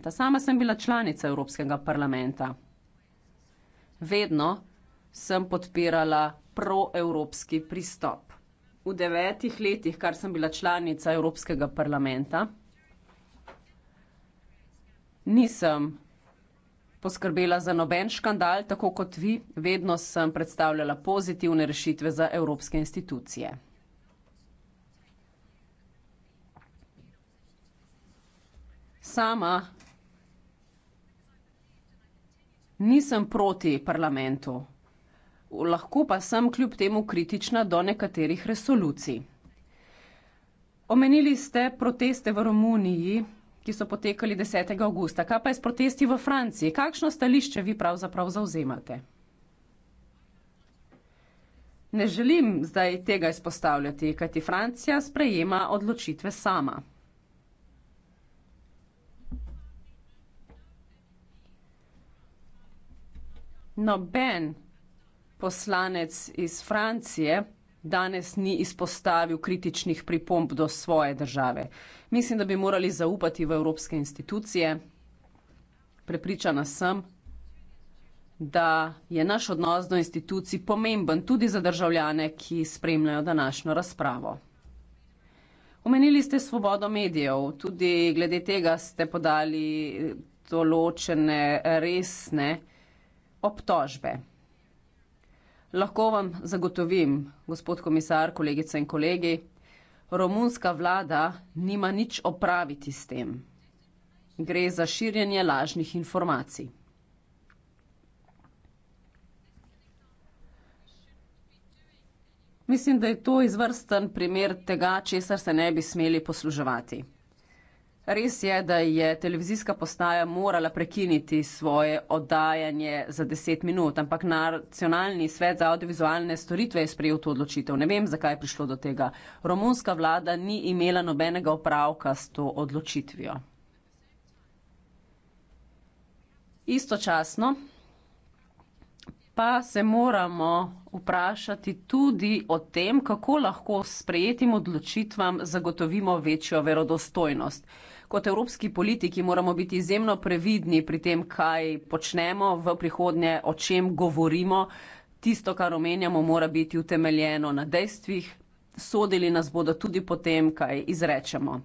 parlamenta. Sama sem bila članica Evropskega parlamenta. Vedno sem podpirala proevropski pristop. V devetih letih, kar sem bila članica Evropskega parlamenta, nisem poskrbela za noben škandal, tako kot vi, vedno sem predstavljala pozitivne rešitve za evropske institucije. Sama nisem proti parlamentu. Lahko pa sem kljub temu kritična do nekaterih resolucij. Omenili ste proteste v Romuniji, ki so potekali 10. augusta. Kaj pa je s protesti v Franciji? Kakšno stališče vi pravzaprav zauzemate? Ne želim zdaj tega izpostavljati, kajti Francija sprejema odločitve sama. noben poslanec iz Francije danes ni izpostavil kritičnih pripomb do svoje države. Mislim, da bi morali zaupati v evropske institucije. Prepričana sem, da je naš odnos do institucij pomemben tudi za državljane, ki spremljajo današnjo razpravo. Omenili ste svobodo medijev, tudi glede tega ste podali določene resne eh, obtožbe. Lahko vam zagotovim, gospod komisar, kolegice in kolegi, romunska vlada nima nič opraviti s tem. Gre za širjenje lažnih informacij. Mislim, da je to izvrsten primer tega, česar se ne bi smeli posluževati. Res je, da je televizijska postaja morala prekiniti svoje oddajanje za 10 minut, ampak nacionalni svet za audiovizualne storitve je sprejel to odločitev. Ne vem, zakaj je prišlo do tega. Romunska vlada ni imela nobenega opravka s to odločitvijo. Istočasno pa se moramo vprašati tudi o tem, kako lahko s prejetim odločitvam zagotovimo večjo verodostojnost. Kot evropski politiki moramo biti izjemno previdni pri tem, kaj počnemo v prihodnje, o čem govorimo. Tisto, kar omenjamo, mora biti utemeljeno na dejstvih. Sodili nas bodo tudi potem, kaj izrečemo.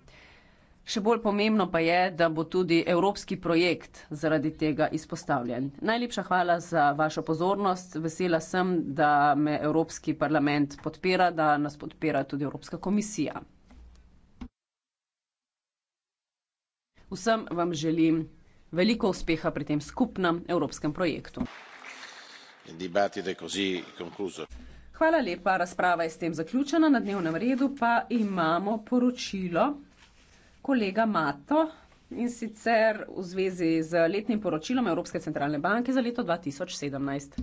Še bolj pomembno pa je, da bo tudi evropski projekt zaradi tega izpostavljen. Najlepša hvala za vašo pozornost. Vesela sem, da me Evropski parlament podpira, da nas podpira tudi Evropska komisija. Vsem vam želim veliko uspeha pri tem skupnem evropskem projektu. Hvala lepa, razprava je s tem zaključena, na dnevnem redu pa imamo poročilo kolega Mato in sicer v zvezi z letnim poročilom Evropske centralne banke za leto 2017.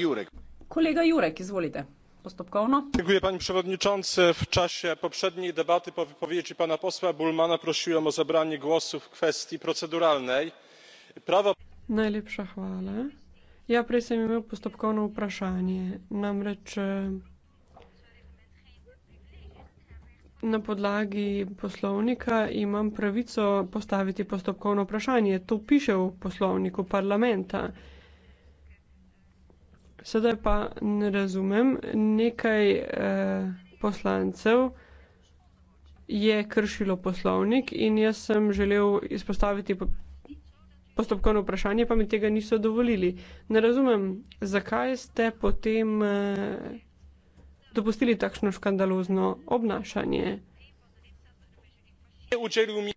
Jurek. Kolega Jurek, izvolite panie przewodniczący! w czasie poprzedniej debaty po wypowiedzi pana posła bullmanna prosiłem o zabranie głosu w kwestii proceduralnej. najlepsze chwale ja prosim imel postopkovno vprašanje namreč e, na podlagi poslovnika imam pravico postaviti postopkovno vprašanje to piše v poslovniku parlamenta. Sedaj pa ne razumem, nekaj eh, poslancev je kršilo poslovnik in jaz sem želel izpostaviti postopkovno vprašanje, pa mi tega niso dovolili. Ne razumem, zakaj ste potem eh, dopustili takšno škandalozno obnašanje. Včeraj mi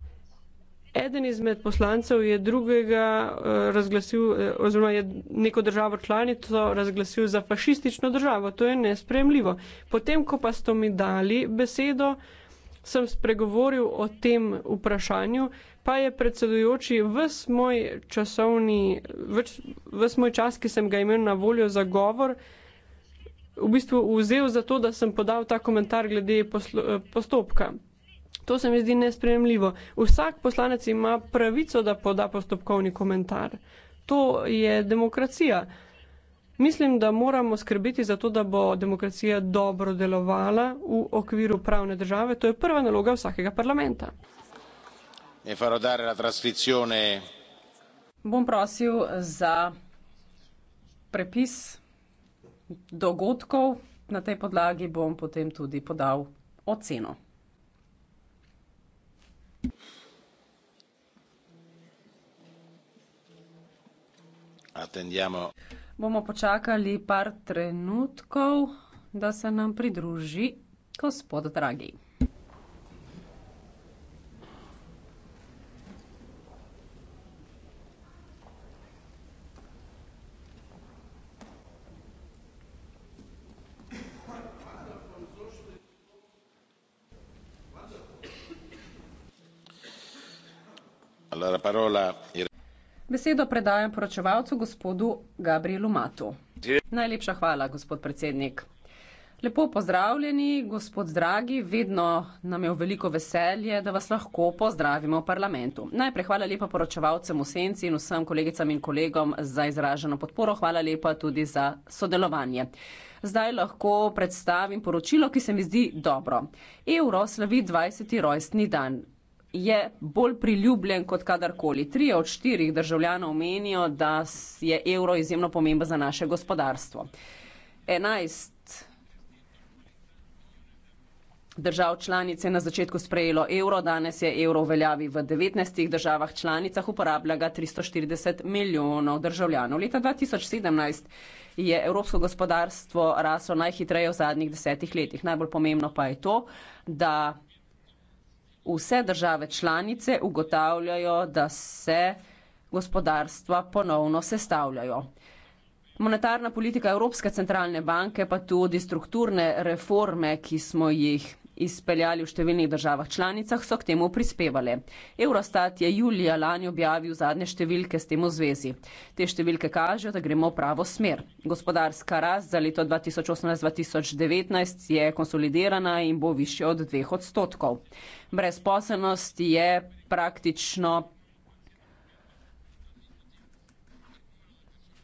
Eden izmed poslancev je drugega eh, razglasil, eh, oziroma je neko državo članico razglasil za fašistično državo. To je nespremljivo. Potem, ko pa ste mi dali besedo, sem spregovoril o tem vprašanju, pa je predsedujoči ves moj časovni, ves, ves moj čas, ki sem ga imel na voljo za govor, v bistvu vzel za to, da sem podal ta komentar glede poslo, eh, postopka. To se mi zdi nespremljivo. Vsak poslanec ima pravico, da poda postopkovni komentar. To je demokracija. Mislim, da moramo skrbeti za to, da bo demokracija dobro delovala v okviru pravne države. To je prva naloga vsakega parlamenta. E farò dare la trascrizione. Bom prosil za prepis dogodkov, na tej podlagi bom potem tudi podal oceno. Attendiamo. Bomo počakali par trenutkov, da se nam pridruži gospod Dragi. Allora, parola il Besedo predajam poročevalcu gospodu Gabrielu Matu. Najlepša hvala, gospod predsednik. Lepo pozdravljeni, gospod Dragi, vedno nam je v veliko veselje, da vas lahko pozdravimo v parlamentu. Najprej hvala lepa poročevalcem v senci in vsem kolegicam in kolegom za izraženo podporo, hvala lepa tudi za sodelovanje. Zdaj lahko predstavim poročilo, ki se mi zdi dobro. Euro slavi 20. rojstni dan je bolj priljubljen kot kadarkoli. Tri od štirih državljanov menijo, da je evro izjemno pomemben za naše gospodarstvo. Enajst držav članic je na začetku sprejelo evro, danes je evro v veljavi v 19 državah članicah, uporablja ga 340 milijonov državljanov. Leta 2017 je evropsko gospodarstvo raslo najhitreje v zadnjih desetih letih. Najbolj pomembno pa je to, da vse države članice ugotavljajo, da se gospodarstva ponovno sestavljajo. Monetarna politika Evropske centralne banke pa tudi strukturne reforme, ki smo jih izpeljali v številnih državah članicah, so k temu prispevale. Eurostat je julija lani objavil zadnje številke s tem v zvezi. Te številke kažejo, da gremo v pravo smer. Gospodarska rast za leto 2018-2019 je konsolidirana in bo više od dveh odstotkov. Brezposelnost je praktično.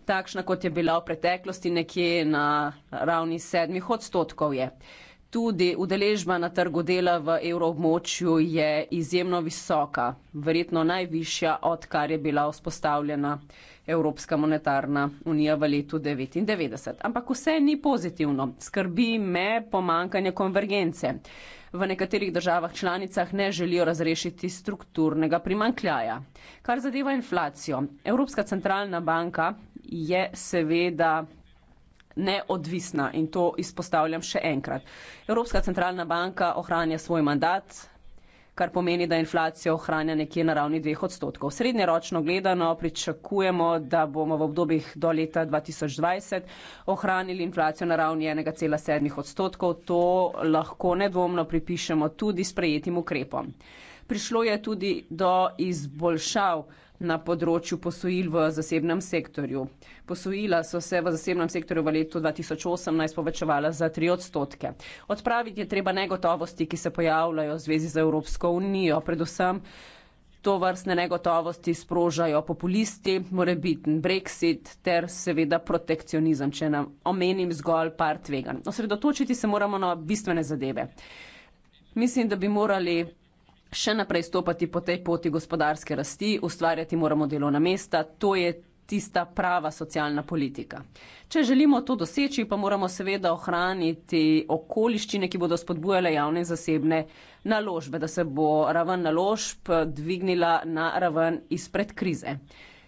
Takšna, kot je bila v preteklosti, nekje na ravni sedmih odstotkov je tudi udeležba na trgu dela v evroobmočju je izjemno visoka, verjetno najvišja, odkar je bila vzpostavljena Evropska monetarna unija v letu 1999. Ampak vse ni pozitivno. Skrbi me pomankanje konvergence. V nekaterih državah članicah ne želijo razrešiti strukturnega primankljaja. Kar zadeva inflacijo, Evropska centralna banka je seveda neodvisna in to izpostavljam še enkrat. Evropska centralna banka ohranja svoj mandat, kar pomeni, da inflacijo ohranja nekje na ravni dveh odstotkov. Srednjeročno gledano pričakujemo, da bomo v obdobjih do leta 2020 ohranili inflacijo na ravni 1,7 odstotkov. To lahko nedvomno pripišemo tudi sprejetim ukrepom. Prišlo je tudi do izboljšav na področju posojil v zasebnem sektorju. Posojila so se v zasebnem sektorju v letu 2018 povečevala za tri odstotke. Odpraviti je treba negotovosti, ki se pojavljajo v zvezi z Evropsko unijo. Predvsem to vrstne negotovosti sprožajo populisti, more biti brexit ter seveda protekcionizem, če nam omenim zgolj par tvegan. Osredotočiti se moramo na bistvene zadeve. Mislim, da bi morali še naprej stopati po tej poti gospodarske rasti, ustvarjati moramo delovna mesta, to je tista prava socialna politika. Če želimo to doseči, pa moramo seveda ohraniti okoliščine, ki bodo spodbujale javne in zasebne naložbe, da se bo raven naložb dvignila na raven izpred krize.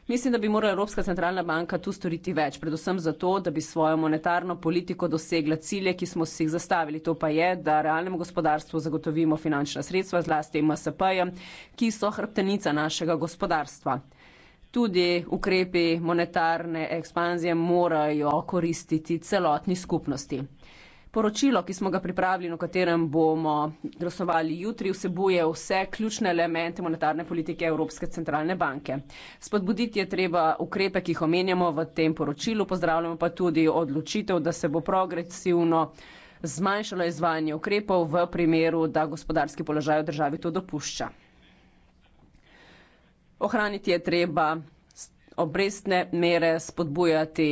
Mislim, da bi morala Evropska centralna banka tu storiti več, predvsem zato, da bi svojo monetarno politiko dosegla cilje, ki smo si jih zastavili. To pa je, da realnemu gospodarstvu zagotovimo finančna sredstva, zlasti MSP-je, ki so hrbtenica našega gospodarstva. Tudi ukrepi monetarne ekspanzije morajo koristiti celotni skupnosti. Poročilo, ki smo ga pripravili, o katerem bomo glasovali jutri, vsebuje vse ključne elemente monetarne politike Evropske centralne banke. Spodbuditi je treba ukrepe, ki jih omenjamo v tem poročilu, pozdravljamo pa tudi odločitev, da se bo progresivno zmanjšalo izvajanje ukrepov v primeru, da gospodarski položaj v državi to dopušča. Ohraniti je treba obrestne mere, spodbujati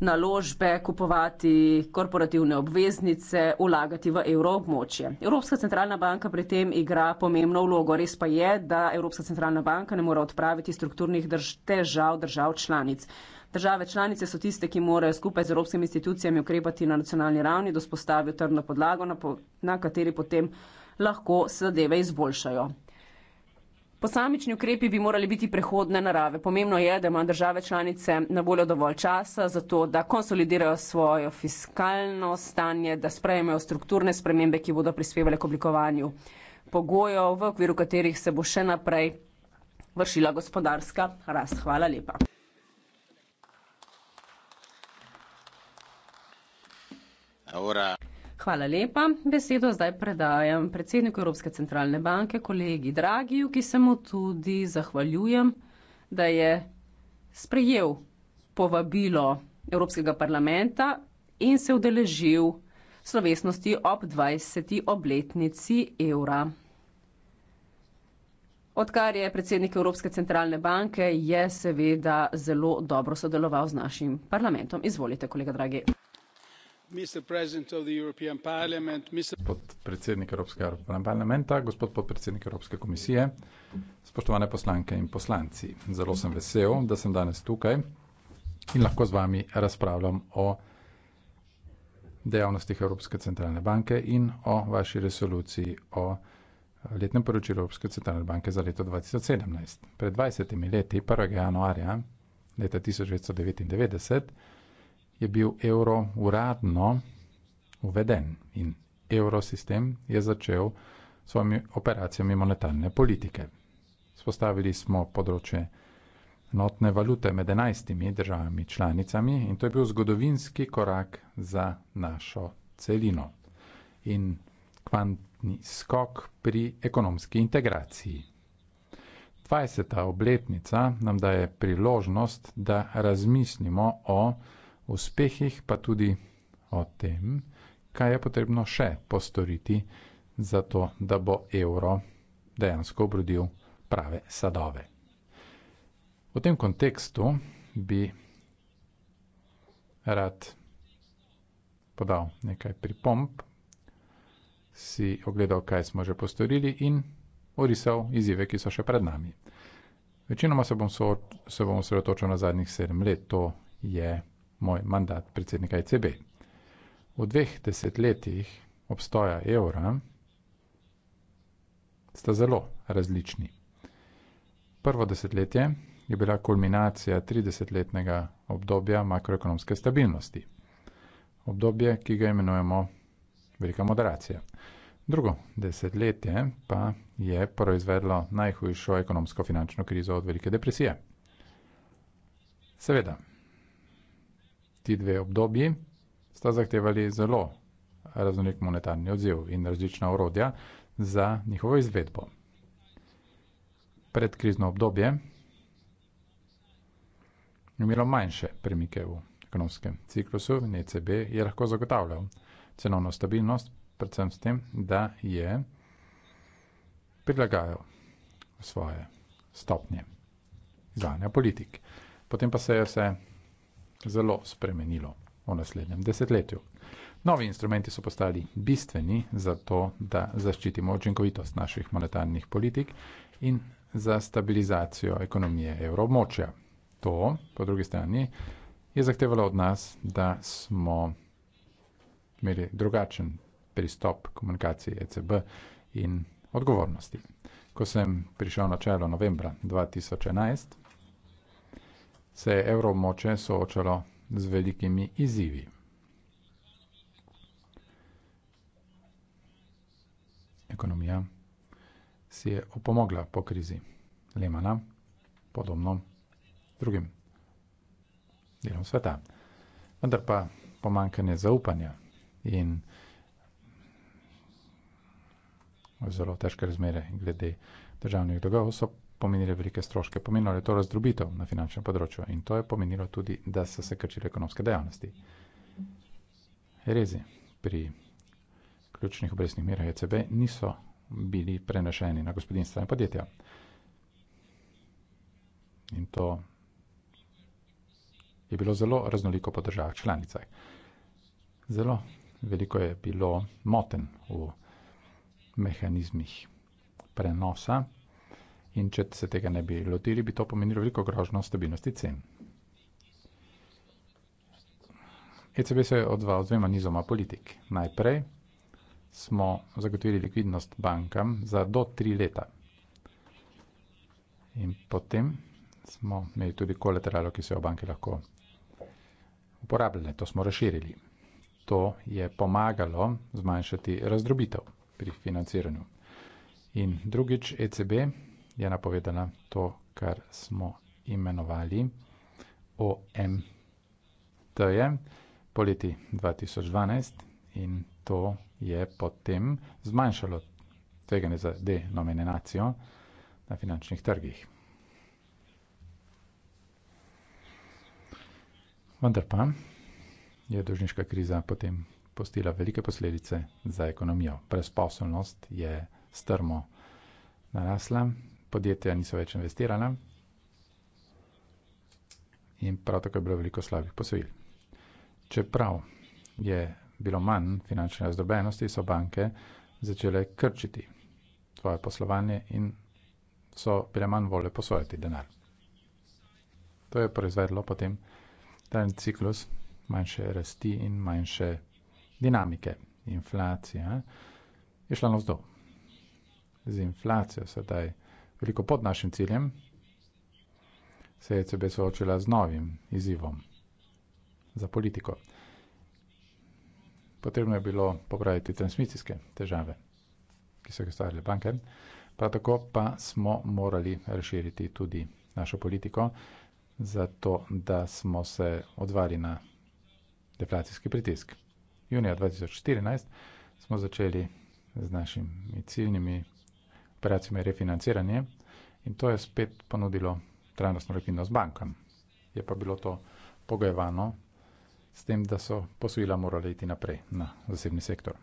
naložbe, kupovati korporativne obveznice, vlagati v evroobmočje. Evropska centralna banka pri tem igra pomembno vlogo. Res pa je, da Evropska centralna banka ne more odpraviti strukturnih drž težav držav članic. Države članice so tiste, ki morajo skupaj z evropskimi institucijami ukrepati na nacionalni ravni, da spostavijo trdno podlago, na, po na kateri potem lahko zadeve izboljšajo. Posamični ukrepi bi morali biti prehodne narave. Pomembno je, da imajo države članice na voljo dovolj časa za to, da konsolidirajo svojo fiskalno stanje, da sprejmejo strukturne spremembe, ki bodo prispevali k oblikovanju pogojev, v okviru katerih se bo še naprej vršila gospodarska rast. Hvala lepa. Hvala lepa. Besedo zdaj predajam predsedniku Evropske centralne banke, kolegi Dragiju, ki se mu tudi zahvaljujem, da je sprejel povabilo Evropskega parlamenta in se udeležil slovesnosti ob 20. obletnici evra. Odkar je predsednik Evropske centralne banke, je seveda zelo dobro sodeloval z našim parlamentom. Izvolite, kolega Dragi gospod predsednik Evropskega parlamenta, gospod podpredsednik Evropske komisije, spoštovane poslanke in poslanci. Zelo sem vesel, da sem danes tukaj in lahko z vami razpravljam o dejavnostih Evropske centralne banke in o vaši resoluciji o letnem poročilu Evropske centralne banke za leto 2017. Pred 20 leti, 1. januarja leta 1999, je bil evro uradno uveden in evrosistem je začel svojimi operacijami monetarne politike. Spostavili smo področje notne valute med enajstimi državami članicami in to je bil zgodovinski korak za našo celino in kvantni skok pri ekonomski integraciji. 20. obletnica nam daje priložnost, da razmislimo o uspehih, pa tudi o tem, kaj je potrebno še postoriti, zato da bo evro dejansko obrodil prave sadove. V tem kontekstu bi rad podal nekaj pripomp, si ogledal, kaj smo že postorili in orisal izzive, ki so še pred nami. Večinoma se bom osredotočil na zadnjih sedem let, to je moj mandat predsednika ECB. V dveh desetletjih obstoja evra sta zelo različni. Prvo desetletje je bila kulminacija 30-letnega obdobja makroekonomske stabilnosti, obdobje, ki ga imenujemo velika moderacija. Drugo desetletje pa je proizvedlo najhujšo ekonomsko-finančno krizo od velike depresije. Seveda, Ti dve obdobji sta zahtevali zelo raznolik monetarni odziv in različna orodja za njihovo izvedbo. Predkrizno obdobje je imelo manjše premike v ekonomskem ciklusu in ECB je lahko zagotavljal cenovno stabilnost, predvsem s tem, da je prilagajal svoje stopnje izvajanja politik. Potem pa se je vse zelo spremenilo v naslednjem desetletju. Novi instrumenti so postali bistveni za to, da zaščitimo očinkovitost naših monetarnih politik in za stabilizacijo ekonomije evroobmočja. To, po drugi strani, je zahtevalo od nas, da smo imeli drugačen pristop komunikaciji ECB in odgovornosti. Ko sem prišel na čelo novembra 2011, se je evromoče soočalo z velikimi izzivi. Ekonomija si je opomogla po krizi Lehmana, podobno drugim delom sveta. Vendar pa pomankanje zaupanja in zelo težke razmere glede državnih dolgov so pomenile velike stroške. Pomenilo je to razdrobitev na finančnem področju in to je pomenilo tudi, da so se krčile ekonomske dejavnosti. Rezi pri ključnih obresnih merah ECB niso bili prenešeni na gospodinstva in podjetja. In to je bilo zelo raznoliko po državah članicah. Zelo veliko je bilo moten v mehanizmih prenosa, In če se tega ne bi lotili, bi to pomenilo veliko grožno stabilnosti cen. ECB se je odzval z dvema nizoma politik. Najprej smo zagotovili likvidnost bankam za do tri leta. In potem smo imeli tudi kolateralo, ki so jo banke lahko uporabljale. To smo razširili. To je pomagalo zmanjšati razdrobitev pri financiranju. In drugič, ECB je napovedana to, kar smo imenovali OMT, je poleti 2012 in to je potem zmanjšalo tveganje za denominacijo na finančnih trgih. Vendar pa je dolžniška kriza potem postila velike posledice za ekonomijo. Brezposobnost je strmo narasla podjetja niso več investirala in prav tako je bilo veliko slabih posojil. Čeprav je bilo manj finančne razdrobenosti, so banke začele krčiti svoje poslovanje in so bile manj vole posojati denar. To je proizvedlo potem ten ciklus manjše rasti in manjše dinamike. Inflacija je šla na vzdolj. Z inflacijo sedaj veliko pod našim ciljem, se je CB soočila z novim izzivom za politiko. Potrebno je bilo popraviti transmisijske težave, ki so jih ustvarile banke, prav tako pa smo morali razširiti tudi našo politiko, zato da smo se odvali na deflacijski pritisk. Junija 2014 smo začeli z našimi ciljnimi operacijami refinanciranje in to je spet ponudilo trajnostno likvidnost bankam. Je pa bilo to pogojevano s tem, da so posojila morali iti naprej na zasebni sektor.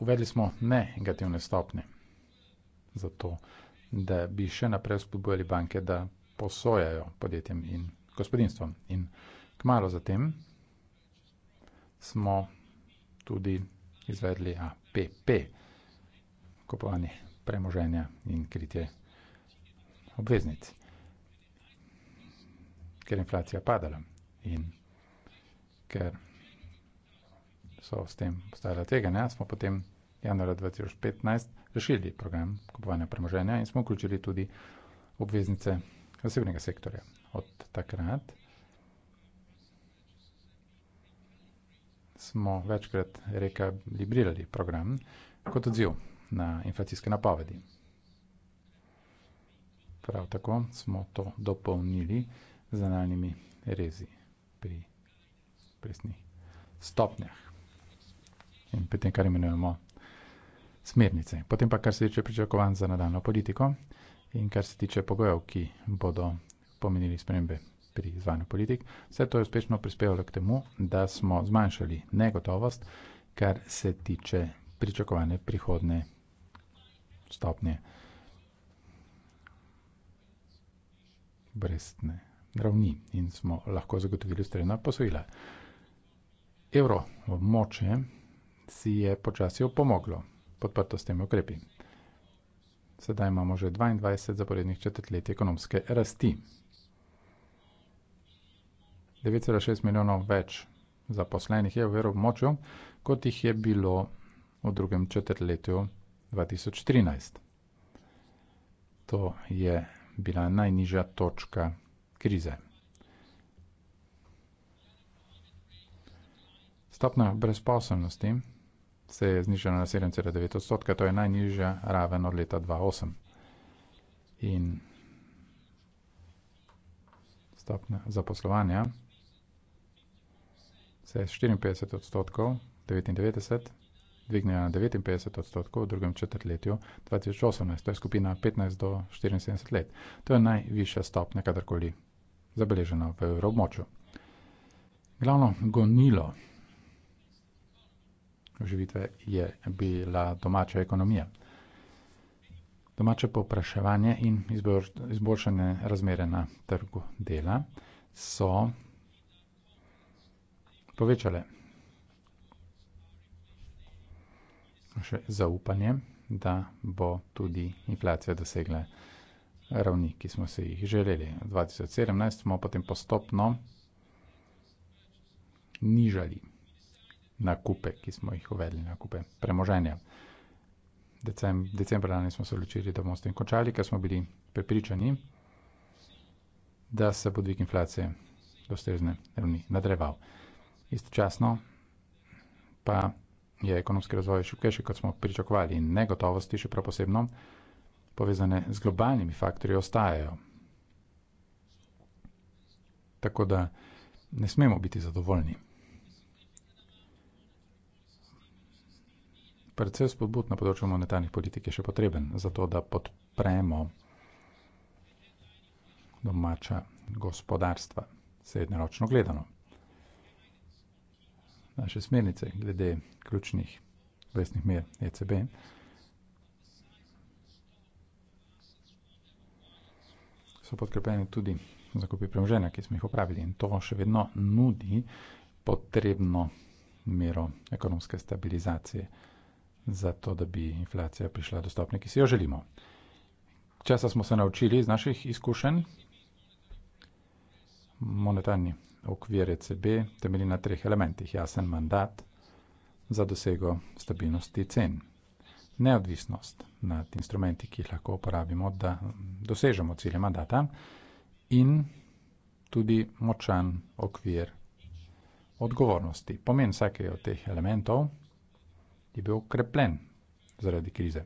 Uvedli smo negativne stopne za to, da bi še naprej spodbujali banke, da posojajo podjetjem in gospodinstvom. In kmalo zatem smo tudi izvedli APP, kupovanje premoženja in kritje obveznic, ker je inflacija padala in ker so s tem postala tveganja, smo potem januarja 2015 rešili program kupovanja premoženja in smo vključili tudi obveznice zasebnega sektorja. Od takrat smo večkrat rekalibrirali program kot odziv na inflacijske napovedi. Prav tako smo to dopolnili z analnimi rezi pri presnih stopnjah in pri tem, kar imenujemo smernice. Potem pa, kar se tiče pričakovanj za nadaljno politiko in kar se tiče pogojev, ki bodo pomenili spremembe pri izvajanju politik, vse to je uspešno prispevalo k temu, da smo zmanjšali negotovost, kar se tiče pričakovane prihodne stopnje. Brestne ravni in smo lahko zagotovili ustrezna posojila. Evro v moče si je počasi opomoglo podprto s temi ukrepi. Sedaj imamo že 22 zaporednih četrtletij ekonomske rasti. 9,6 milijonov več zaposlenih je v evro v moču, kot jih je bilo v drugem četrtletju 2013. To je bila najnižja točka krize. Stopna brezposobnosti se je znižala na 7,9 odstotka, to je najnižja raven od leta 2008. In stopna zaposlovanja se je z 54 odstotkov, 99, dvignila na 59 odstotkov v drugem četrtletju 2018, to je skupina 15 do 74 let. To je najvišja stopnja kadarkoli zabeležena v evroobmočju. Glavno gonilo oživitve je bila domača ekonomija. Domače popraševanje in izboljšanje razmere na trgu dela so povečale še zaupanje, da bo tudi inflacija dosegla ravni, ki smo se jih želeli. V 2017 smo potem postopno nižali nakupe, ki smo jih uvedli, nakupe premoženja. Decem, decembra lani smo se odločili, da bomo s tem končali, ker smo bili prepričani, da se bo dvig inflacije do ustrezne ravni nadreval. Istočasno pa je ekonomski razvoj šipkejši, kot smo pričakovali, in negotovosti, še prav posebno, povezane z globalnimi faktorji, ostajajo. Tako da ne smemo biti zadovoljni. Predvsej spodbud na področju monetarnih politik je še potreben, zato da podpremo domača gospodarstva, srednjeročno gledano naše smernice glede ključnih obvestnih mer ECB. So podkrepljene tudi zakupi premoženja, ki smo jih opravili in to še vedno nudi potrebno mero ekonomske stabilizacije za to, da bi inflacija prišla do stopnje, ki si jo želimo. Časa smo se naučili iz naših izkušenj. Monetarni okvir ECB temelji na treh elementih: jasen mandat za dosego stabilnosti cen, neodvisnost nad instrumenti, ki jih lahko uporabimo, da dosežemo cilje mandata, in tudi močan okvir odgovornosti. Pomen vsakega od teh elementov je bil ukrepljen zaradi krize.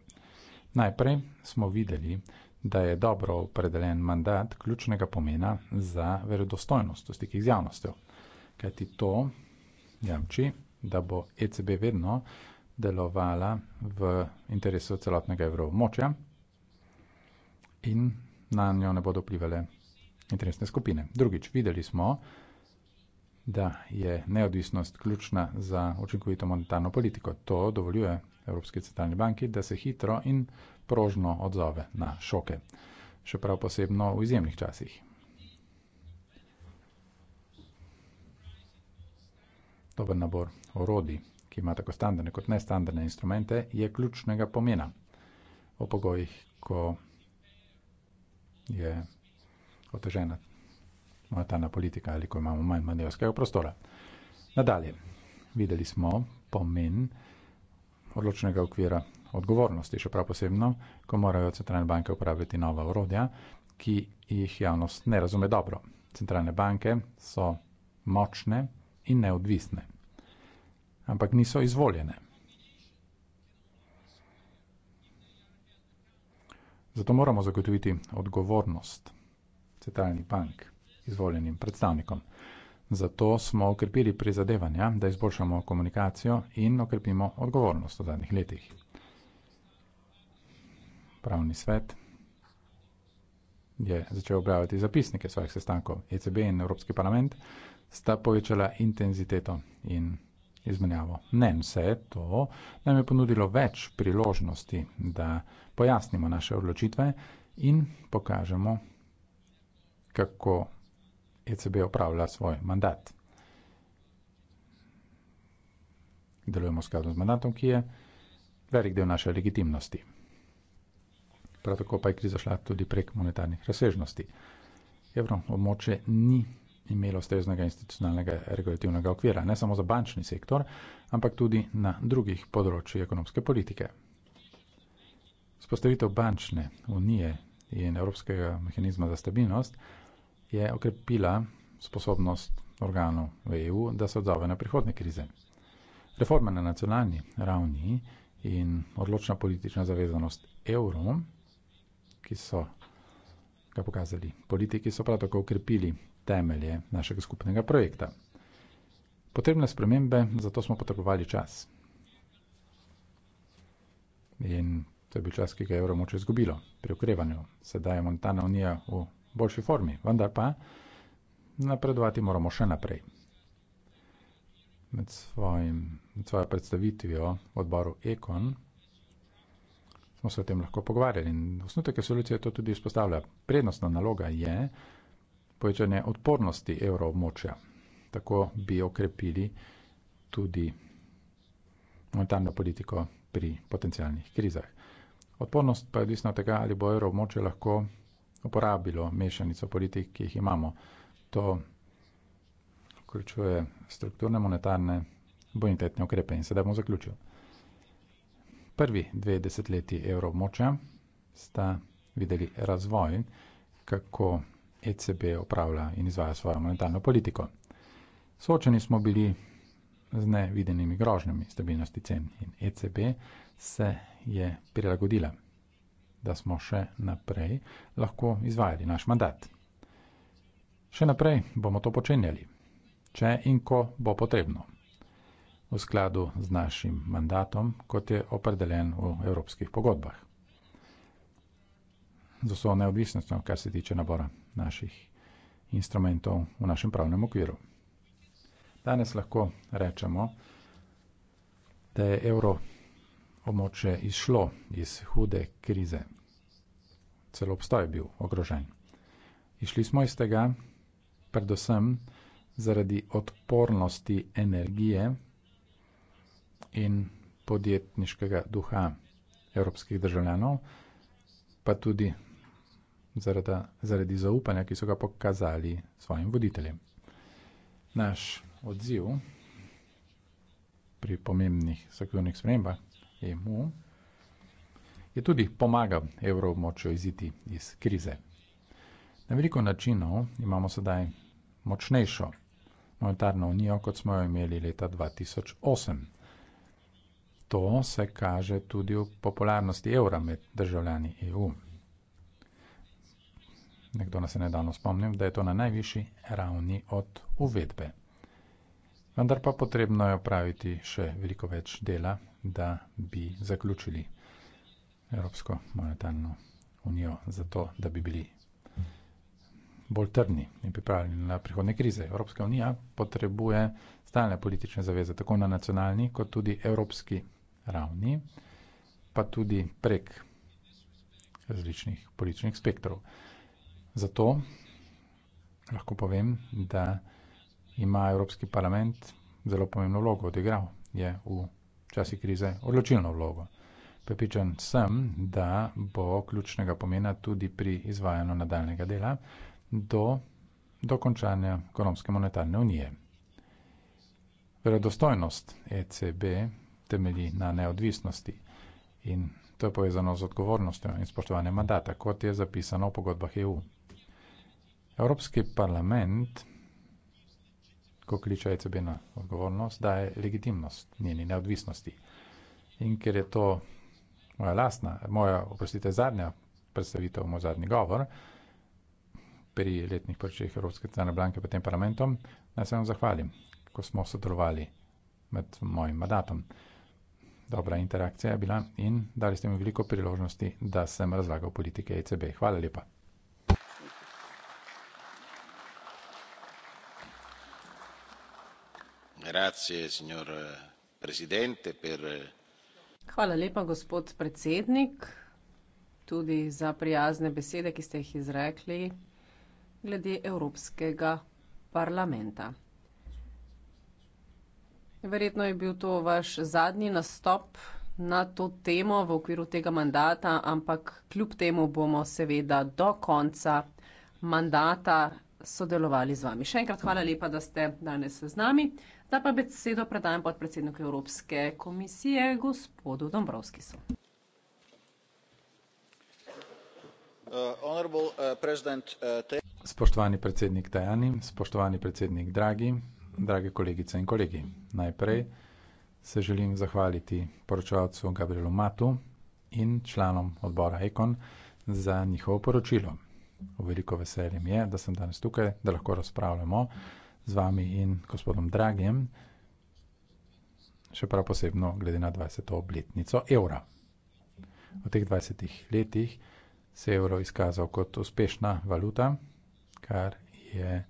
Najprej smo videli, da je dobro opredeljen mandat ključnega pomena za verodostojnost v stikih z javnostjo. Kaj ti to jamči, da bo ECB vedno delovala v interesu celotnega evroobmočja in na njo ne bodo vplivali interesne skupine. Drugič, videli smo, da je neodvisnost ključna za učinkovito monetarno politiko. To dovoljuje Evropske centralne banke, da se hitro in prožno odzove na šoke, še prav posebno v izjemnih časih. Dober nabor orodij, ki ima tako standardne kot nestandardne instrumente, je ključnega pomena o pogojih, ko je otežena monetarna politika ali ko imamo manj manevrskega prostora. Nadalje, videli smo pomen odločnega okvira odgovornosti, še prav posebno, ko morajo centralne banke uporabljati nova urodja, ki jih javnost ne razume dobro. Centralne banke so močne in neodvisne, ampak niso izvoljene. Zato moramo zagotoviti odgovornost centralnih bank izvoljenim predstavnikom. Zato smo okrepili prizadevanja, da izboljšamo komunikacijo in okrepimo odgovornost v zadnjih letih pravni svet je začel objavljati zapisnike svojih sestankov. ECB in Evropski parlament sta povečala intenziteto in izmenjavo. Ne vse to nam je ponudilo več priložnosti, da pojasnimo naše odločitve in pokažemo, kako ECB opravlja svoj mandat. Delujemo skladno z mandatom, ki je velik del naše legitimnosti prav tako pa je kriza šla tudi prek monetarnih razsežnosti. Evro območje ni imelo steznega institucionalnega regulativnega okvira, ne samo za bančni sektor, ampak tudi na drugih področjih ekonomske politike. Spostavitev bančne unije in Evropskega mehanizma za stabilnost je okrepila sposobnost organov v EU, da se odzove na prihodne krize. Reforma na nacionalni ravni in odločna politična zavezanost evrom ki so ga pokazali. Politiki so prav tako ukrepili temelje našega skupnega projekta. Potrebne spremembe, zato smo potrebovali čas. In to je bil čas, ki ga je evro moče izgubilo pri ukrevanju. Sedaj je Montana unija v boljši formi, vendar pa napredovati moramo še naprej. Med, svojim, med svojo predstavitvijo v odboru Ekon smo se o tem lahko pogovarjali. In osnutek resolucije to tudi izpostavlja. Prednostna naloga je povečanje odpornosti evroobmočja. Tako bi okrepili tudi monetarno politiko pri potencijalnih krizah. Odpornost pa je odvisna od tega, ali bo evroobmočje lahko uporabilo mešanico politik, ki jih imamo. To vključuje strukturne monetarne bonitetne ukrepe in sedaj bom zaključil prvi dve desetletji evroobmočja sta videli razvoj, kako ECB upravlja in izvaja svojo monetarno politiko. Soočeni smo bili z nevidenimi grožnjami stabilnosti cen in ECB se je prilagodila, da smo še naprej lahko izvajali naš mandat. Še naprej bomo to počenjali, če in ko bo potrebno v skladu z našim mandatom, kot je opredeljen v evropskih pogodbah. Z vso neodvisnostjo, kar se tiče nabora naših instrumentov v našem pravnem okviru. Danes lahko rečemo, da je evro območje izšlo iz hude krize. Celo obstoj je bil ogrožen. Išli smo iz tega predvsem zaradi odpornosti energije in podjetniškega duha evropskih državljanov, pa tudi zaradi, zaradi zaupanja, ki so ga pokazali svojim voditeljem. Naš odziv pri pomembnih strukturnih spremembah EMU je tudi pomagal evroobmočju iziti iz krize. Na veliko načinov imamo sedaj močnejšo monetarno unijo, kot smo jo imeli leta 2008. To se kaže tudi v popularnosti evra med državljani EU. Nekdo nas je nedavno spomnil, da je to na najvišji ravni od uvedbe. Vendar pa potrebno je opraviti še veliko več dela, da bi zaključili Evropsko monetarno unijo, zato da bi bili bolj trdni in pripravljeni na prihodne krize. Evropska unija potrebuje stalne politične zaveze, tako na nacionalni kot tudi evropski ravni, pa tudi prek različnih političnih spektrov. Zato lahko povem, da ima Evropski parlament zelo pomembno vlogo odigral, je v časi krize odločilno vlogo. Prepričan sem, da bo ključnega pomena tudi pri izvajanju nadaljnega dela do dokončanja ekonomske monetarne unije. Verodostojnost ECB temelji na neodvisnosti. In to je povezano z odgovornostjo in spoštovanjem mandata, kot je zapisano v pogodbah EU. Evropski parlament, ko kliče ECB na odgovornost, daje legitimnost njeni neodvisnosti. In ker je to moja lastna, moja, oprostite, zadnja predstavitev, moj zadnji govor pri letnih poročilih Evropske centralne banke pred tem parlamentom, naj se vam zahvalim, ko smo sodelovali med mojim mandatom dobra interakcija je bila in dali ste mi veliko priložnosti, da sem razlagal politike ECB. Hvala lepa. Grazie, signor eh, presidente, per... Eh, Hvala lepa, gospod predsednik, tudi za prijazne besede, ki ste jih izrekli glede Evropskega parlamenta. Verjetno je bil to vaš zadnji nastop na to temo v okviru tega mandata, ampak kljub temu bomo seveda do konca mandata sodelovali z vami. Še enkrat hvala lepa, da ste danes z nami. Zdaj pa besedo predajam podpredsedniku Evropske komisije, gospodu Dombrovskisu. Uh, uh, uh, spoštovani predsednik Tajani, spoštovani predsednik Dragi, drage kolegice in kolegi. Najprej se želim zahvaliti poročevalcu Gabrielu Matu in članom odbora Ekon za njihovo poročilo. Veliko veselje mi je, da sem danes tukaj, da lahko razpravljamo z vami in gospodom Dragim, še prav posebno glede na 20. obletnico evra. V teh 20 letih se je evro izkazal kot uspešna valuta, kar je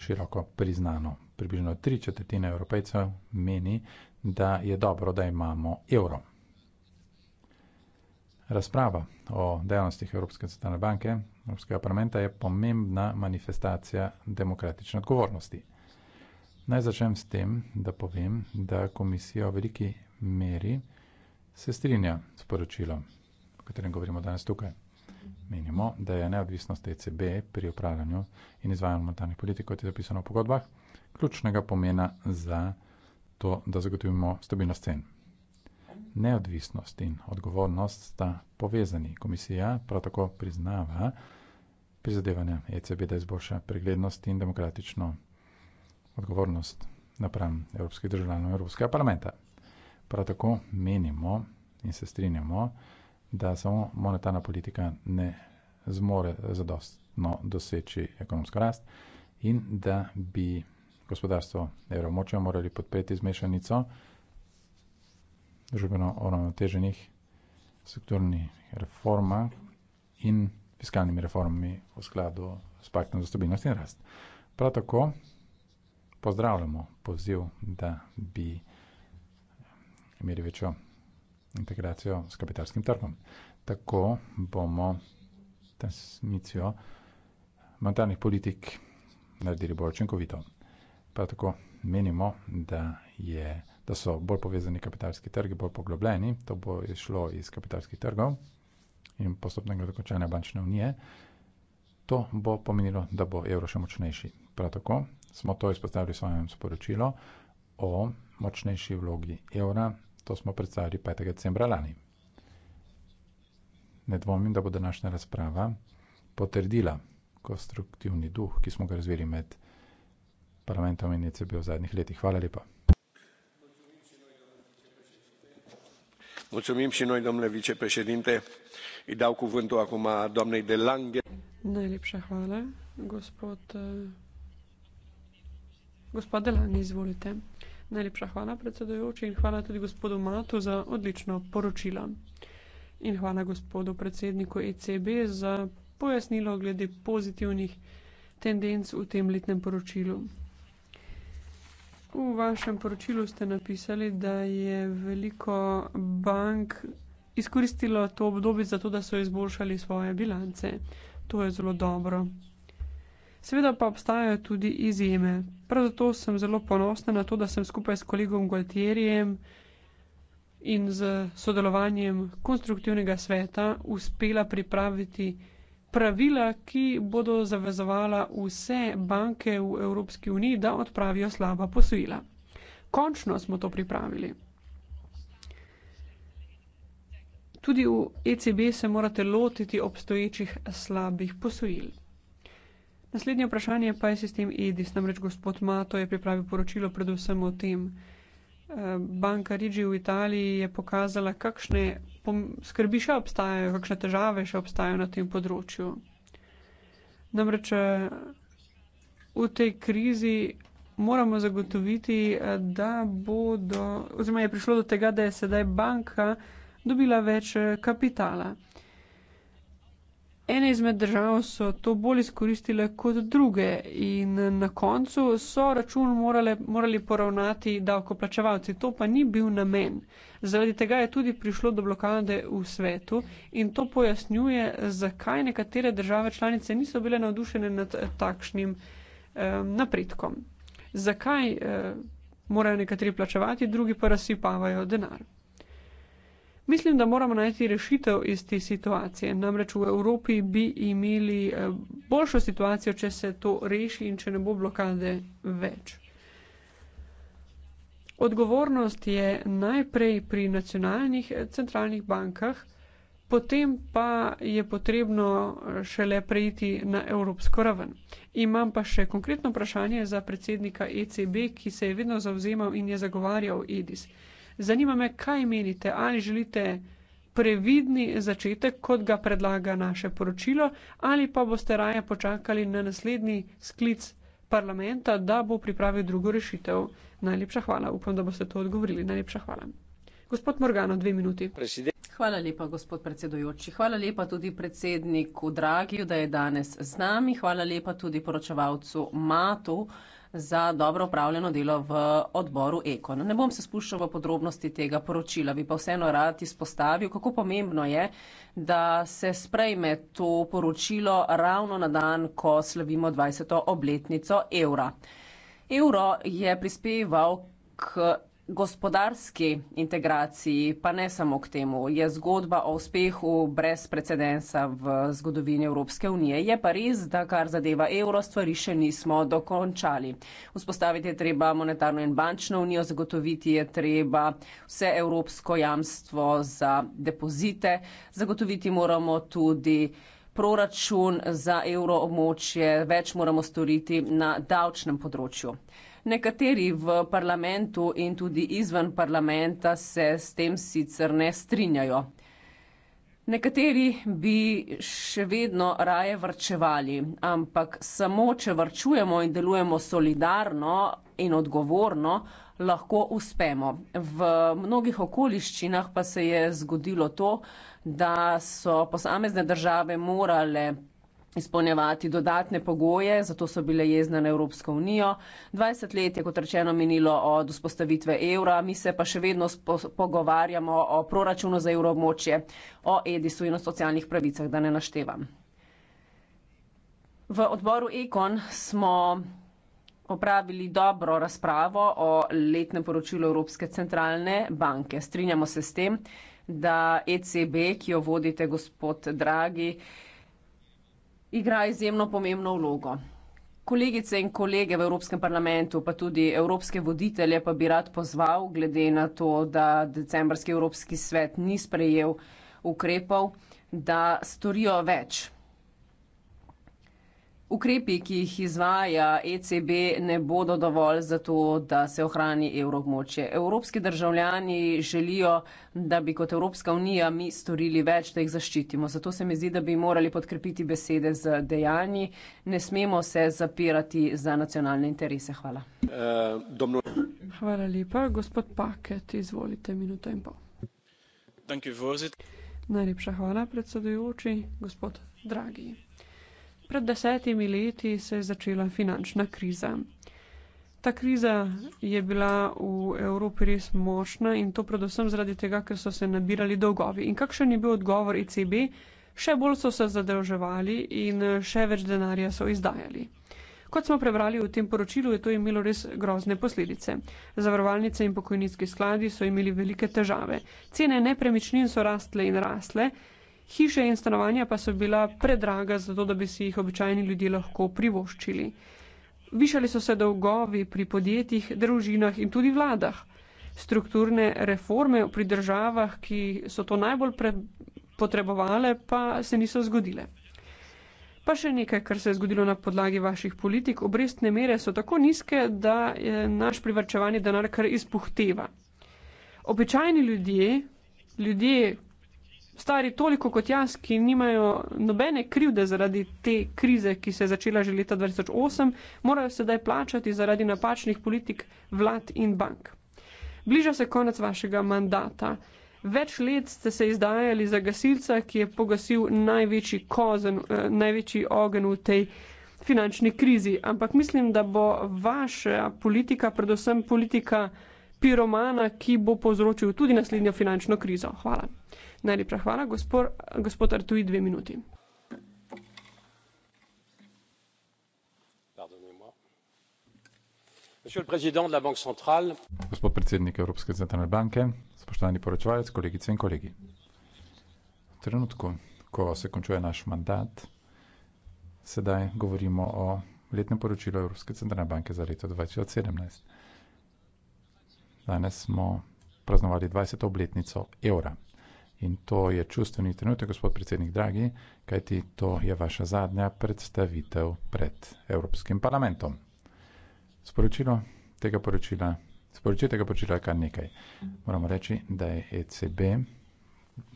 široko priznano. Približno tri četrtine evropejcev meni, da je dobro, da imamo evro. Razprava o dejavnostih Evropske centralne banke, Evropskega parlamenta je pomembna manifestacija demokratične odgovornosti. Naj začnem s tem, da povem, da komisija v veliki meri se strinja s poročilom, o katerem govorimo danes tukaj. Menimo, da je neodvisnost ECB pri upravljanju in izvajanju monetarnih politik, kot je zapisano v pogodbah, ključnega pomena za to, da zagotovimo stabilnost cen. Neodvisnost in odgovornost sta povezani. Komisija prav tako priznava prizadevanja ECB, da izboljša preglednost in demokratično odgovornost napram evropskih državljanov Evropskega parlamenta. Prav tako menimo in se strinjamo, da da samo monetarna politika ne zmore zadostno doseči ekonomsko rast in da bi gospodarstvo evromočja morali podpreti zmešanico družbeno oravnoteženih strukturnih reforma in fiskalnimi reformami v skladu s paktom za stabilnost in rast. Prav tako pozdravljamo poziv, da bi imeli večjo integracijo s kapitalskim trgom. Tako bomo transmisijo monetarnih politik naredili bolj učinkovito. Pa tako menimo, da, je, da so bolj povezani kapitalski trgi, bolj poglobljeni, to bo išlo iz kapitalskih trgov in postopnega dokončanja bančne unije, to bo pomenilo, da bo evro še močnejši. Prav tako smo to izpostavili v svojem sporočilu o močnejši vlogi evra To smo predstavili 5. decembra lani. Ne dvomim, da bo današnja razprava potrdila konstruktivni duh, ki smo ga razvili med parlamentom in ECB v zadnjih letih. Hvala lepa. Mulțumim și noi, domnule vicepreședinte. Îi dau cuvântul acum a doamnei de Lange. Najlepša hvala, gospod, gospod de Lange, izvolite. Najlepša hvala, predsedujoči, in hvala tudi gospodu Matu za odlično poročilo. In hvala gospodu predsedniku ECB za pojasnilo glede pozitivnih tendenc v tem letnem poročilu. V vašem poročilu ste napisali, da je veliko bank izkoristilo to obdobje za to, da so izboljšali svoje bilance. To je zelo dobro. Seveda pa obstajajo tudi izjeme. Prav zato sem zelo ponosna na to, da sem skupaj s kolegom Gualtierjem in z sodelovanjem konstruktivnega sveta uspela pripraviti pravila, ki bodo zavezovala vse banke v Evropski uniji, da odpravijo slaba posojila. Končno smo to pripravili. Tudi v ECB se morate lotiti obstoječih slabih posojil. Naslednje vprašanje pa je sistem EDIS, namreč gospod Mato je pripravil poročilo predvsem o tem. Eh, banka Rigi v Italiji je pokazala, kakšne skrbi še obstajajo, kakšne težave še obstajajo na tem področju. Namreč eh, v tej krizi moramo zagotoviti, eh, da bodo, oziroma je prišlo do tega, da je sedaj banka dobila več kapitala. Ene izmed držav so to bolj izkoristile kot druge in na koncu so račun morale, morali poravnati davkoplačevalci. To pa ni bil namen. Zaradi tega je tudi prišlo do blokade v svetu in to pojasnjuje, zakaj nekatere države članice niso bile navdušene nad takšnim eh, napredkom. Zakaj eh, morajo nekateri plačevati, drugi pa razsipavajo denar. Mislim, da moramo najti rešitev iz te situacije. Namreč v Evropi bi imeli eh, boljšo situacijo, če se to reši in če ne bo blokade več. Odgovornost je najprej pri nacionalnih eh, centralnih bankah, potem pa je potrebno eh, šele prejiti na evropsko raven. Imam pa še konkretno vprašanje za predsednika ECB, ki se je vedno zauzemal in je zagovarjal EDIS. Zanima me, kaj menite, ali želite previdni začetek, kot ga predlaga naše poročilo, ali pa boste raje počakali na naslednji sklic parlamenta, da bo pripravil drugo rešitev. Najlepša hvala, upam, da boste to odgovorili. Najlepša hvala. Gospod Morgano, dve minuti. Presiden. Hvala lepa, gospod predsedujoči. Hvala lepa tudi predsedniku Dragiju, da je danes z nami. Hvala lepa tudi poročevalcu Matu za dobro upravljeno delo v odboru Ekon. Ne bom se spuščal v podrobnosti tega poročila, bi pa vseeno rad izpostavil, kako pomembno je, da se sprejme to poročilo ravno na dan, ko slavimo 20. obletnico evra. Euro je prispeval k gospodarski integraciji, pa ne samo k temu, je zgodba o uspehu brez precedensa v zgodovini Evropske unije. Je pa res, da kar zadeva evro, stvari še nismo dokončali. Vzpostaviti je treba monetarno in bančno unijo, zagotoviti je treba vse evropsko jamstvo za depozite, zagotoviti moramo tudi proračun za evroobmočje, več moramo storiti na davčnem področju. Nekateri v parlamentu in tudi izven parlamenta se s tem sicer ne strinjajo. Nekateri bi še vedno raje vrčevali, ampak samo če vrčujemo in delujemo solidarno in odgovorno, lahko uspemo. V mnogih okoliščinah pa se je zgodilo to, da so posamezne države morale izpolnjevati dodatne pogoje, zato so bile jezne na Evropsko unijo. 20 let je, kot rečeno, minilo od vzpostavitve evra, mi se pa še vedno pogovarjamo o proračunu za evroobmočje, o edisu in o socialnih pravicah, da ne naštevam. V odboru Ekon smo opravili dobro razpravo o letnem poročilu Evropske centralne banke. Strinjamo se s tem, da ECB, ki jo vodite, gospod Dragi, igra izjemno pomembno vlogo. Kolegice in kolege v Evropskem parlamentu, pa tudi evropske voditelje, pa bi rad pozval, glede na to, da decembrski Evropski svet ni sprejel ukrepov, da storijo več. Ukrepi, ki jih izvaja ECB, ne bodo dovolj za to, da se ohrani evroobmočje. Evropski državljani želijo, da bi kot Evropska unija mi storili več, da jih zaščitimo. Zato se mi zdi, da bi morali podkrepiti besede z dejanji. Ne smemo se zapirati za nacionalne interese. Hvala. Uh, Hvala lepa. Gospod Paket, izvolite minuto in pol. Najlepša hvala, predsedujoči, gospod Dragi pred desetimi leti se je začela finančna kriza. Ta kriza je bila v Evropi res močna in to predvsem zaradi tega, ker so se nabirali dolgovi. In kakšen je bil odgovor ECB? Še bolj so se zadolževali in še več denarja so izdajali. Kot smo prebrali v tem poročilu, je to imelo res grozne posledice. Zavarovalnice in pokojninski skladi so imeli velike težave. Cene nepremičnin so rastle in rastle, Hiše in stanovanja pa so bila predraga za to, da bi si jih običajni ljudje lahko privoščili. Višali so se dolgovi pri podjetjih, družinah in tudi vladah. Strukturne reforme pri državah, ki so to najbolj potrebovale, pa se niso zgodile. Pa še nekaj, kar se je zgodilo na podlagi vaših politik. Obrestne mere so tako nizke, da je naš privrčevanje denar kar izpuhteva. Običajni ljudje, ljudje, stari toliko kot jaz, ki nimajo nobene krivde zaradi te krize, ki se je začela že leta 2008, morajo sedaj plačati zaradi napačnih politik vlad in bank. Bliža se konec vašega mandata. Več let ste se izdajali za gasilca, ki je pogasil največji, kozen, eh, največji ogen v tej finančni krizi. Ampak mislim, da bo vaša politika, predvsem politika piromana, ki bo povzročil tudi naslednjo finančno krizo. Hvala. Najlepša hvala, gospod, gospod Artuji, dve minuti. Gospod predsednik Evropske centralne banke, spoštovani poročevalec, kolegice in kolegi. V trenutku, ko se končuje naš mandat, sedaj govorimo o letnem poročilu Evropske centralne banke za leto 2017. Danes smo praznovali 20. obletnico evra. In to je čustveni trenutek, gospod predsednik Dragi, kajti to je vaša zadnja predstavitev pred Evropskim parlamentom. Sporočilo tega poročila, sporočilo tega poročila je kar nekaj. Moramo reči, da je ECB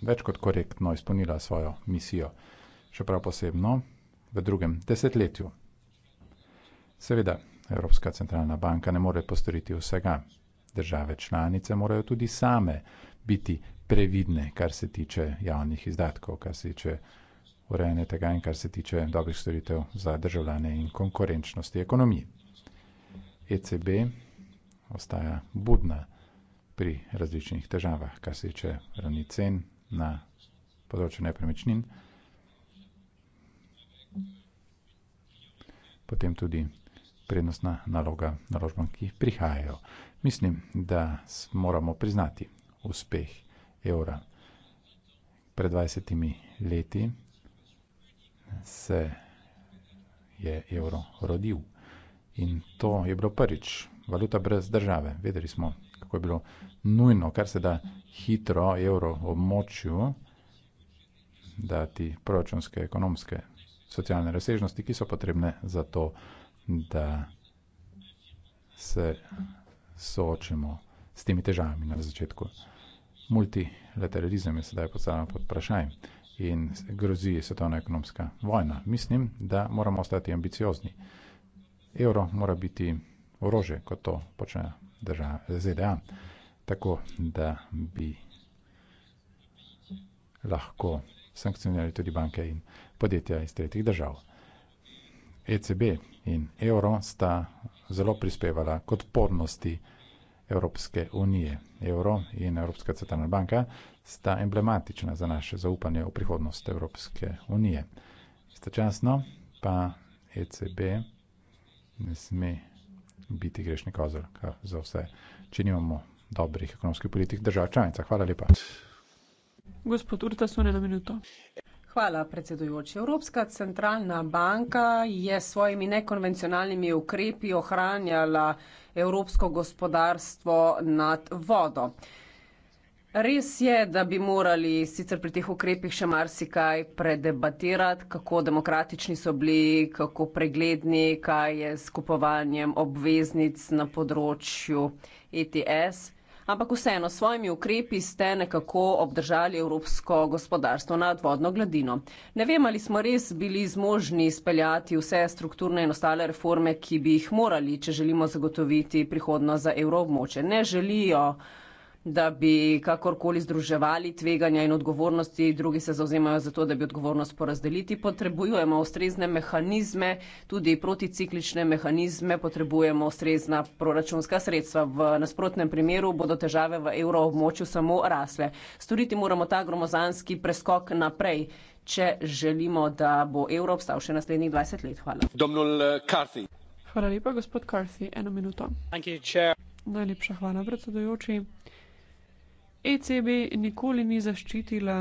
več kot korektno izpolnila svojo misijo, še prav posebno v drugem desetletju. Seveda, Evropska centralna banka ne more postoriti vsega, Države članice morajo tudi same biti previdne, kar se tiče javnih izdatkov, kar se tiče urejanja tega in kar se tiče dobrih storitev za državljane in konkurenčnosti ekonomije. ECB ostaja budna pri različnih težavah, kar se tiče ravni cen na področju nepremičnin, potem tudi prednostna naloga naložbam, ki prihajajo. Mislim, da moramo priznati uspeh evra. Pred 20 leti se je evro rodil in to je bilo prvič. Valuta brez države. Vedeli smo, kako je bilo nujno, kar se da hitro evro območju dati proračunske, ekonomske, socialne razsežnosti, ki so potrebne za to da se soočamo s temi težavami na začetku. Multilateralizem je sedaj postavljen pod vprašaj in grozi svetovna ekonomska vojna. Mislim, da moramo ostati ambiciozni. Evro mora biti orože, kot to počnejo države ZDA, tako da bi lahko sankcionirali tudi banke in podjetja iz tretjih držav. ECB in evro sta zelo prispevala k odpornosti Evropske unije. Evro in Evropska centralna banka sta emblematična za naše zaupanje v prihodnost Evropske unije. Istočasno pa ECB ne sme biti grešni kozor za vse. Če nimamo dobrih ekonomskih politik držav članica. Hvala lepa. Gospod Urta, sone na minuto. Hvala, predsedujoči. Evropska centralna banka je s svojimi nekonvencionalnimi ukrepi ohranjala evropsko gospodarstvo nad vodo. Res je, da bi morali sicer pri teh ukrepih še marsikaj predebatirati, kako demokratični so bili, kako pregledni, kaj je s kupovanjem obveznic na področju ETS ampak vseeno s svojimi ukrepi ste nekako obdržali evropsko gospodarstvo nad vodno gladino. Ne vem, ali smo res bili zmožni speljati vse strukturne in ostale reforme, ki bi jih morali, če želimo zagotoviti prihodnost za evroobmoče. Ne želijo da bi kakorkoli združevali tveganja in odgovornosti, drugi se zauzemajo za to, da bi odgovornost porazdeliti. Potrebujemo ustrezne mehanizme, tudi proticiklične mehanizme, potrebujemo ustrezna proračunska sredstva. V nasprotnem primeru bodo težave v evroobmočju samo rasle. Storiti moramo ta gromozanski preskok naprej, če želimo, da bo evro obstal še naslednjih 20 let. Hvala. Eh, hvala lepa, gospod Carthy. Eno minuto. Najlepša hvala, predsedujoči. ECB nikoli ni zaščitila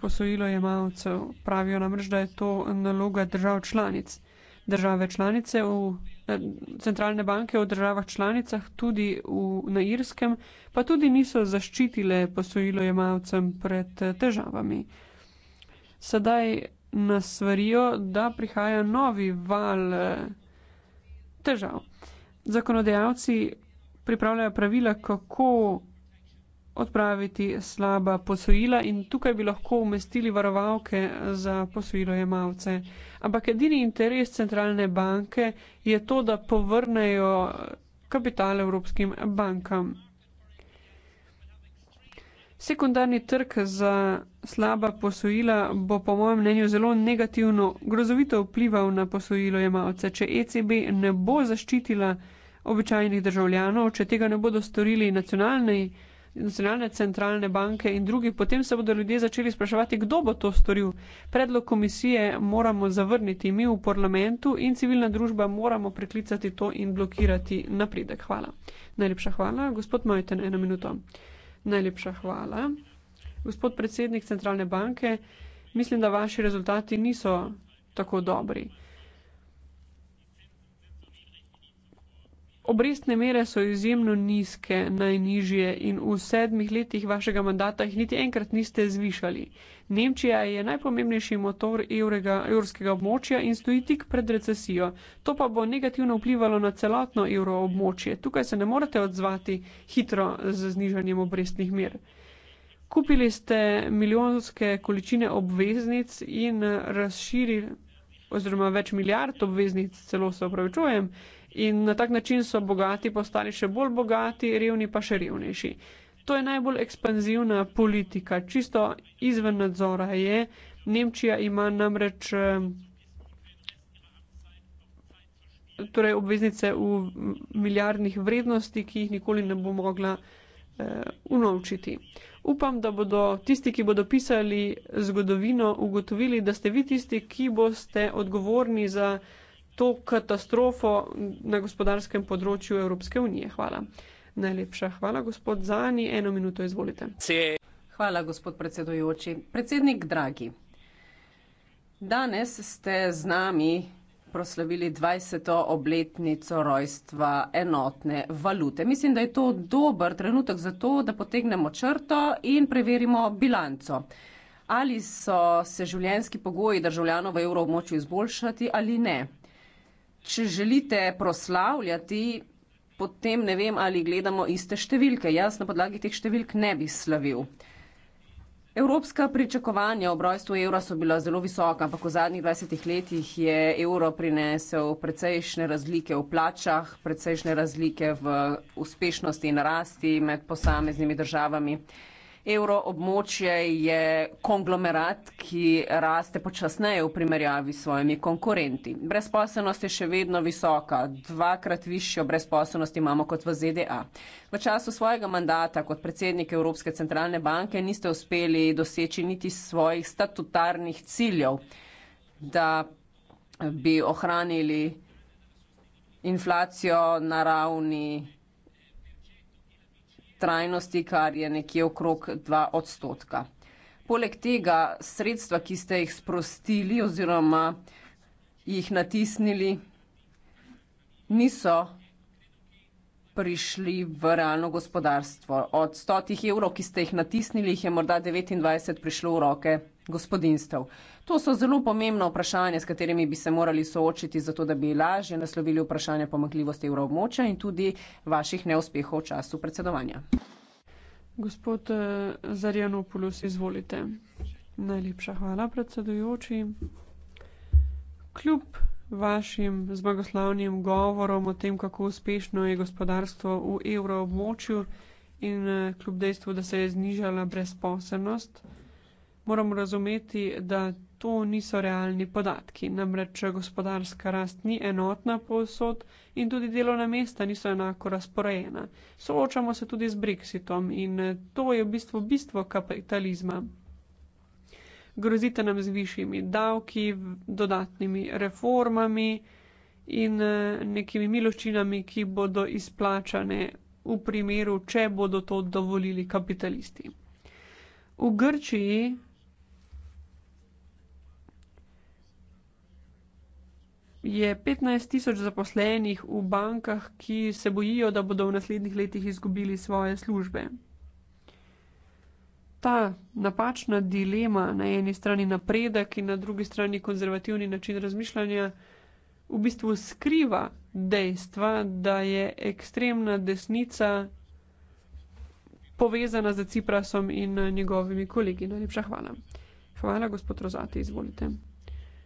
posojilojemalcev, pravijo namreč, da je to naloga držav članic. Države članice, v, eh, centralne banke v državah članicah, tudi v, na Irskem, pa tudi niso zaščitile posojilojemalcem pred eh, težavami. Sedaj nas svarijo, da prihaja novi val eh, težav. Zakonodajalci pripravljajo pravila, kako odpraviti slaba posojila in tukaj bi lahko umestili varovalke za posojilojemalce. Ampak edini interes centralne banke je to, da povrnejo kapital evropskim bankam. Sekundarni trg za slaba posojila bo po mojem mnenju zelo negativno, grozovito vplival na posojilojemalce, če ECB ne bo zaščitila običajnih državljanov, če tega ne bodo storili nacionalni državljani, nacionalne centralne banke in drugi, potem se bodo ljudje začeli spraševati, kdo bo to storil. Predlog komisije moramo zavrniti mi v parlamentu in civilna družba moramo preklicati to in blokirati napredek. Hvala. Najlepša hvala. Gospod Mojten, eno minuto. Najlepša hvala. Gospod predsednik centralne banke, mislim, da vaši rezultati niso tako dobri. Obrestne mere so izjemno nizke, najnižje in v sedmih letih vašega mandata jih niti enkrat niste zvišali. Nemčija je najpomembnejši motor evrega, evrskega območja in stoji tik pred recesijo. To pa bo negativno vplivalo na celotno evro območje. Tukaj se ne morete odzvati hitro z znižanjem obrestnih mer. Kupili ste milijonske količine obveznic in razširili, oziroma več milijard obveznic, celo se opravičujem, in na tak način so bogati postali še bolj bogati, revni pa še revnejši. To je najbolj ekspanzivna politika, čisto izven nadzora je. Nemčija ima namreč eh, torej obveznice v milijardnih vrednosti, ki jih nikoli ne bo mogla eh, unovčiti. Upam, da bodo tisti, ki bodo pisali zgodovino, ugotovili, da ste vi tisti, ki boste odgovorni za to katastrofo na gospodarskem področju Evropske unije. Hvala. Najlepša hvala, gospod Zani. Eno minuto izvolite. Hvala, gospod predsedujoči. Predsednik Dragi, danes ste z nami proslavili 20. obletnico rojstva enotne valute. Mislim, da je to dober trenutek za to, da potegnemo črto in preverimo bilanco. Ali so se življenjski pogoji državljanov v evroobmočju izboljšati ali ne? če želite proslavljati, potem ne vem, ali gledamo iste številke. Jaz na podlagi teh številk ne bi slavil. Evropska pričakovanja o brojstvu evra so bila zelo visoka, ampak v zadnjih 20 letih je evro prinesel precejšnje razlike v plačah, precejšnje razlike v uspešnosti in rasti med posameznimi državami. Uh, Evroobmočje je konglomerat, ki raste počasneje v primerjavi s svojimi konkurenti. Brezposelnost je še vedno visoka, dvakrat višjo brezposelnost imamo kot v ZDA. V času svojega mandata kot predsednik Evropske centralne banke niste uspeli doseči niti svojih statutarnih ciljev, da bi ohranili inflacijo na ravni trajnosti, kar je nekje okrog 2 odstotka. Poleg tega sredstva, ki ste jih sprostili oziroma jih natisnili, niso prišli v realno gospodarstvo. Od stotih evrov, ki ste jih natisnili, jih je morda 29 prišlo v roke gospodinstv. To so zelo pomembna vprašanja, s katerimi bi se morali soočiti, zato da bi lažje naslovili vprašanje pomakljivosti evroobmočja in tudi vaših neuspehov v času predsedovanja. Gospod eh, Zarjanopoulos, izvolite. Najlepša hvala, predsedujoči. Kljub vašim zmagoslavnim govorom o tem, kako uspešno je gospodarstvo v evroobmočju in eh, kljub dejstvu, da se je znižala brezposelnost, moramo razumeti, da to niso realni podatki. Namreč gospodarska rast ni enotna povsod in tudi delovna mesta niso enako razporejena. Soočamo se tudi z Brexitom in to je v bistvu bistvo kapitalizma. Grozite nam z višjimi davki, dodatnimi reformami in eh, nekimi miloščinami, ki bodo izplačane v primeru, če bodo to dovolili kapitalisti. V Grčiji je 15 tisoč zaposlenih v bankah, ki se bojijo, da bodo v naslednjih letih izgubili svoje službe. Ta napačna dilema, na eni strani napredek in na drugi strani konzervativni način razmišljanja, v bistvu skriva dejstva, da je ekstremna desnica povezana z Ciprasom in njegovimi kolegi. Najlepša hvala. Hvala, gospod Rozate, izvolite.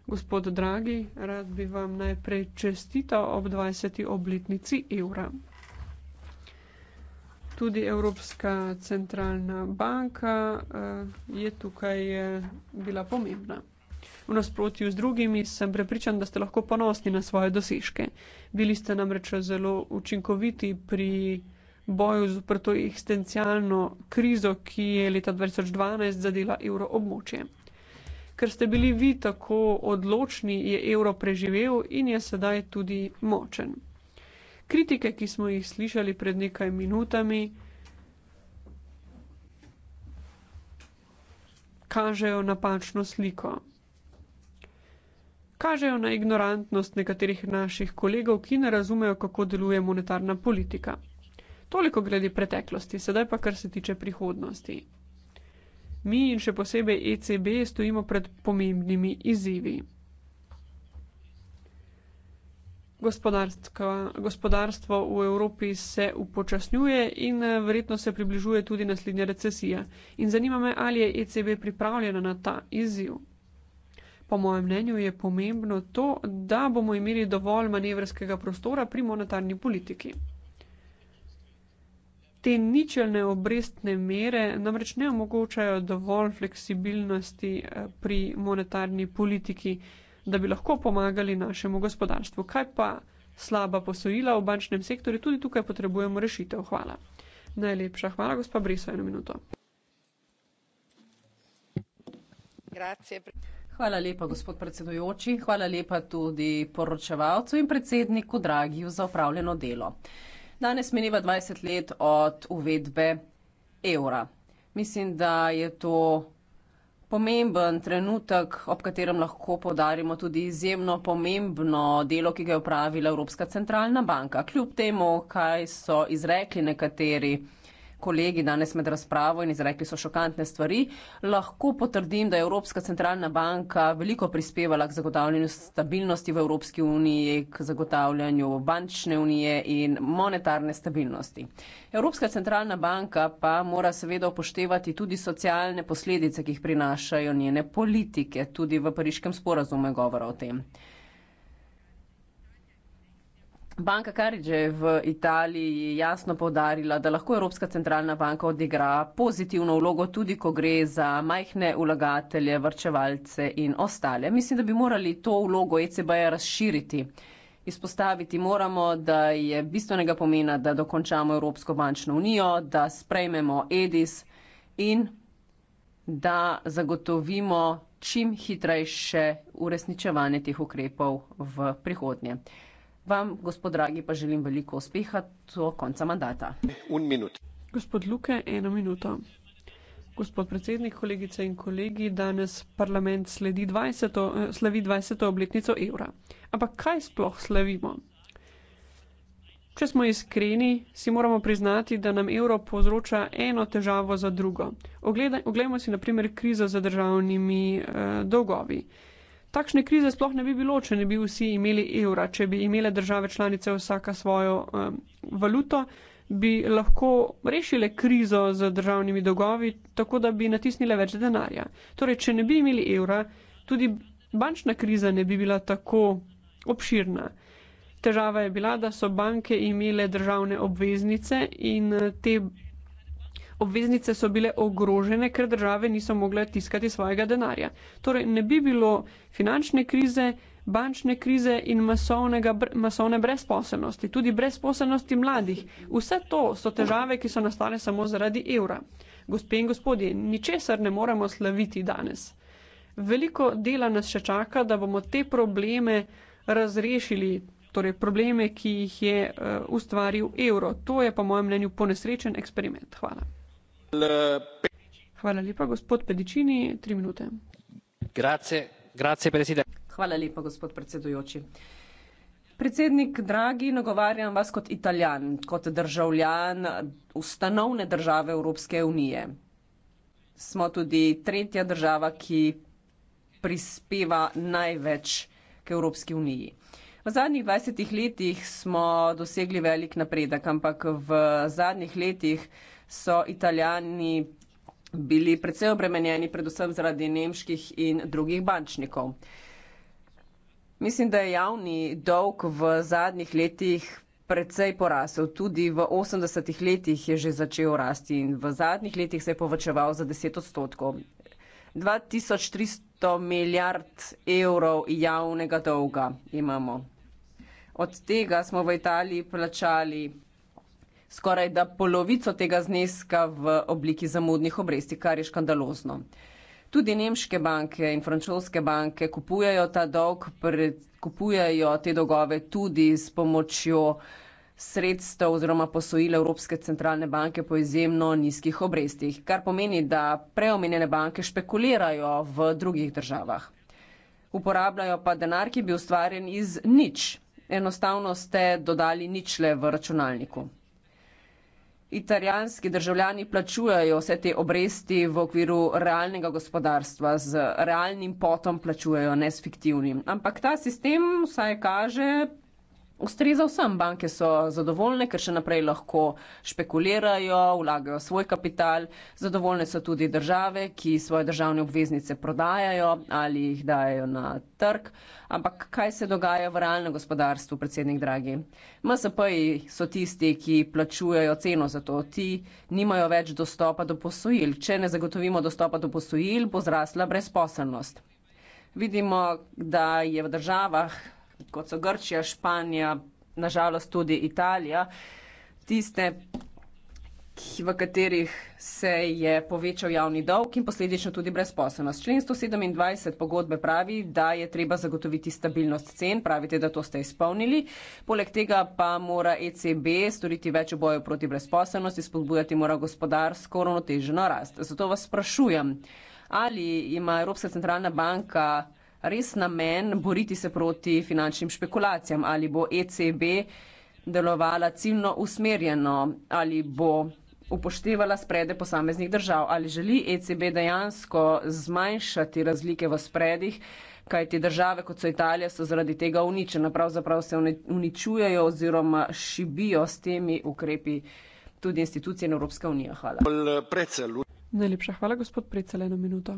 Gospod Dragi, rad bi vam najprej čestital ob 20. obletnici evra. Tudi Evropska centralna banka eh, je tukaj eh, bila pomembna. V nasprotju z drugimi sem prepričan, da ste lahko ponosni na svoje dosežke. Bili ste namreč zelo učinkoviti pri boju z uprto ekstencialno krizo, ki je leta 2012 zadela evroobmočje ker ste bili vi tako odločni, je evro preživel in je sedaj tudi močen. Kritike, ki smo jih slišali pred nekaj minutami, kažejo napačno sliko. Kažejo na ignorantnost nekaterih naših kolegov, ki ne razumejo, kako deluje monetarna politika. Toliko glede preteklosti, sedaj pa kar se tiče prihodnosti mi in še posebej ECB stojimo pred pomembnimi izzivi. Gospodarstvo v Evropi se upočasnjuje in eh, verjetno se približuje tudi naslednja recesija. In zanima me, ali je ECB pripravljena na ta izziv. Po mojem mnenju je pomembno to, da bomo imeli dovolj manevrskega prostora pri monetarni politiki te ničelne obrestne mere namreč ne omogočajo dovolj fleksibilnosti eh, pri monetarni politiki, da bi lahko pomagali našemu gospodarstvu. Kaj pa slaba posojila v bančnem sektorju, tudi tukaj potrebujemo rešitev. Hvala. Najlepša hvala, gospa Briso, eno minuto. Hvala lepa, gospod predsedujoči. Hvala lepa tudi poročevalcu in predsedniku Dragiju za upravljeno delo. Danes mineva 20 let od uvedbe evra. Mislim, da je to pomemben trenutek, ob katerem lahko podarimo tudi izjemno pomembno delo, ki ga je upravila Evropska centralna banka. Kljub temu, kaj so izrekli nekateri kolegi danes med razpravo in izrekli so šokantne stvari. Lahko potrdim, da je Evropska centralna banka veliko prispevala k zagotavljanju stabilnosti v Evropski uniji, k zagotavljanju bančne unije in monetarne stabilnosti. Evropska centralna banka pa mora seveda upoštevati tudi socialne posledice, ki jih prinašajo njene politike. Tudi v pariškem sporazumu je govora o tem. Banka Karidž je v Italiji jasno povdarila, da lahko Evropska centralna banka odigra pozitivno vlogo tudi, ko gre za majhne vlagatelje, vrčevalce in ostale. Mislim, da bi morali to vlogo ECB-ja razširiti. Izpostaviti moramo, da je bistvenega pomena, da dokončamo Evropsko bančno unijo, da sprejmemo EDIS in da zagotovimo čim hitrejše uresničevanje teh ukrepov v prihodnje. Vam, gospod Dragi, pa želim veliko uspeha do konca mandata. Un minut. Gospod Luke, eno minuto. Gospod predsednik, kolegice in kolegi, danes parlament 20, eh, slavi 20. obletnico evra. Ampak kaj sploh slavimo? Če smo iskreni, si moramo priznati, da nam evro povzroča eno težavo za drugo. Oglejmo si naprimer krizo z državnimi eh, dolgovi. Takšne krize sploh ne bi bilo, če ne bi vsi imeli evra, če bi imele države članice vsaka svojo um, valuto, bi lahko rešile krizo z državnimi dolgovi, tako da bi natisnile več denarja. Torej, če ne bi imeli evra, tudi bančna kriza ne bi bila tako obširna. Težava je bila, da so banke imele državne obveznice in te obveznice so bile ogrožene, ker države niso mogle tiskati svojega denarja. Torej, ne bi bilo finančne krize, bančne krize in masovnega, masovne brezposelnosti, tudi brezposelnosti mladih. Vse to so težave, ki so nastale samo zaradi evra. Gospe in gospodje, ničesar ne moremo slaviti danes. Veliko dela nas še čaka, da bomo te probleme razrešili, torej probleme, ki jih je uh, ustvaril evro. To je, po mojem mnenju, ponesrečen eksperiment. Hvala. Hvala lepa, gospod Pedicini, tri minute. Hvala lepa, gospod predsedujoči. Predsednik dragi, nagovarjam vas kot Italijan, kot državljan ustanovne države Evropske unije. Smo tudi tretja država, ki prispeva največ k Evropski uniji. V zadnjih 20 letih smo dosegli velik napredek, ampak v zadnjih letih so Italijani bili precej obremenjeni, predvsem zaradi nemških in drugih bančnikov. Mislim, da je javni dolg v zadnjih letih precej porasel. Tudi v 80 letih je že začel rasti in v zadnjih letih se je povečeval za 10 odstotkov. 2300 milijard evrov javnega dolga imamo Od tega smo v Italiji plačali skoraj da polovico tega zneska v obliki zamudnih obresti, kar je škandalozno. Tudi nemške banke in francoske banke kupujajo ta dolg, pred, kupujajo te dolgove tudi s pomočjo sredstev oziroma posojile Evropske centralne banke po izjemno nizkih obrestih, kar pomeni, da preomenjene banke špekulirajo v drugih državah. Uporabljajo pa denar, ki bi ustvarjen iz nič enostavno ste dodali ničle v računalniku. Italijanski državljani plačujejo vse te obresti v okviru realnega gospodarstva, z realnim potom plačujejo, ne s fiktivnim. Ampak ta sistem vsaj kaže, ustreza vsem. Banke so zadovoljne, ker še naprej lahko špekulirajo, vlagajo svoj kapital. Zadovoljne so tudi države, ki svoje državne obveznice prodajajo ali jih dajo na trg. Ampak kaj se dogaja v realnem gospodarstvu, predsednik Dragi? MSP-ji so tisti, ki plačujejo ceno za to. Ti nimajo več dostopa do posojil. Če ne zagotovimo dostopa do posojil, bo zrasla brezposelnost. Vidimo, da je v državah kot so Grčija, Španija, nažalost tudi Italija, tiste, v katerih se je povečal javni dolg in posledično tudi brezposobnost. Člen 127 pogodbe pravi, da je treba zagotoviti stabilnost cen, pravite, da to ste izpolnili. Poleg tega pa mora ECB storiti več v boju proti brezposobnosti, spodbujati mora gospodarsko ravnoteženo rast. Zato vas sprašujem, ali ima Evropska centralna banka res namen boriti se proti finančnim špekulacijam? Ali bo ECB delovala ciljno usmerjeno, ali bo upoštevala sprede posameznih držav, ali želi ECB dejansko zmanjšati razlike v spredih, kaj te države, kot so Italija, so zaradi tega uničene, pravzaprav se uničujejo oziroma šibijo s temi ukrepi tudi institucije in Evropska unija. Hvala. Najlepša hvala, gospod Precel, eno minuto.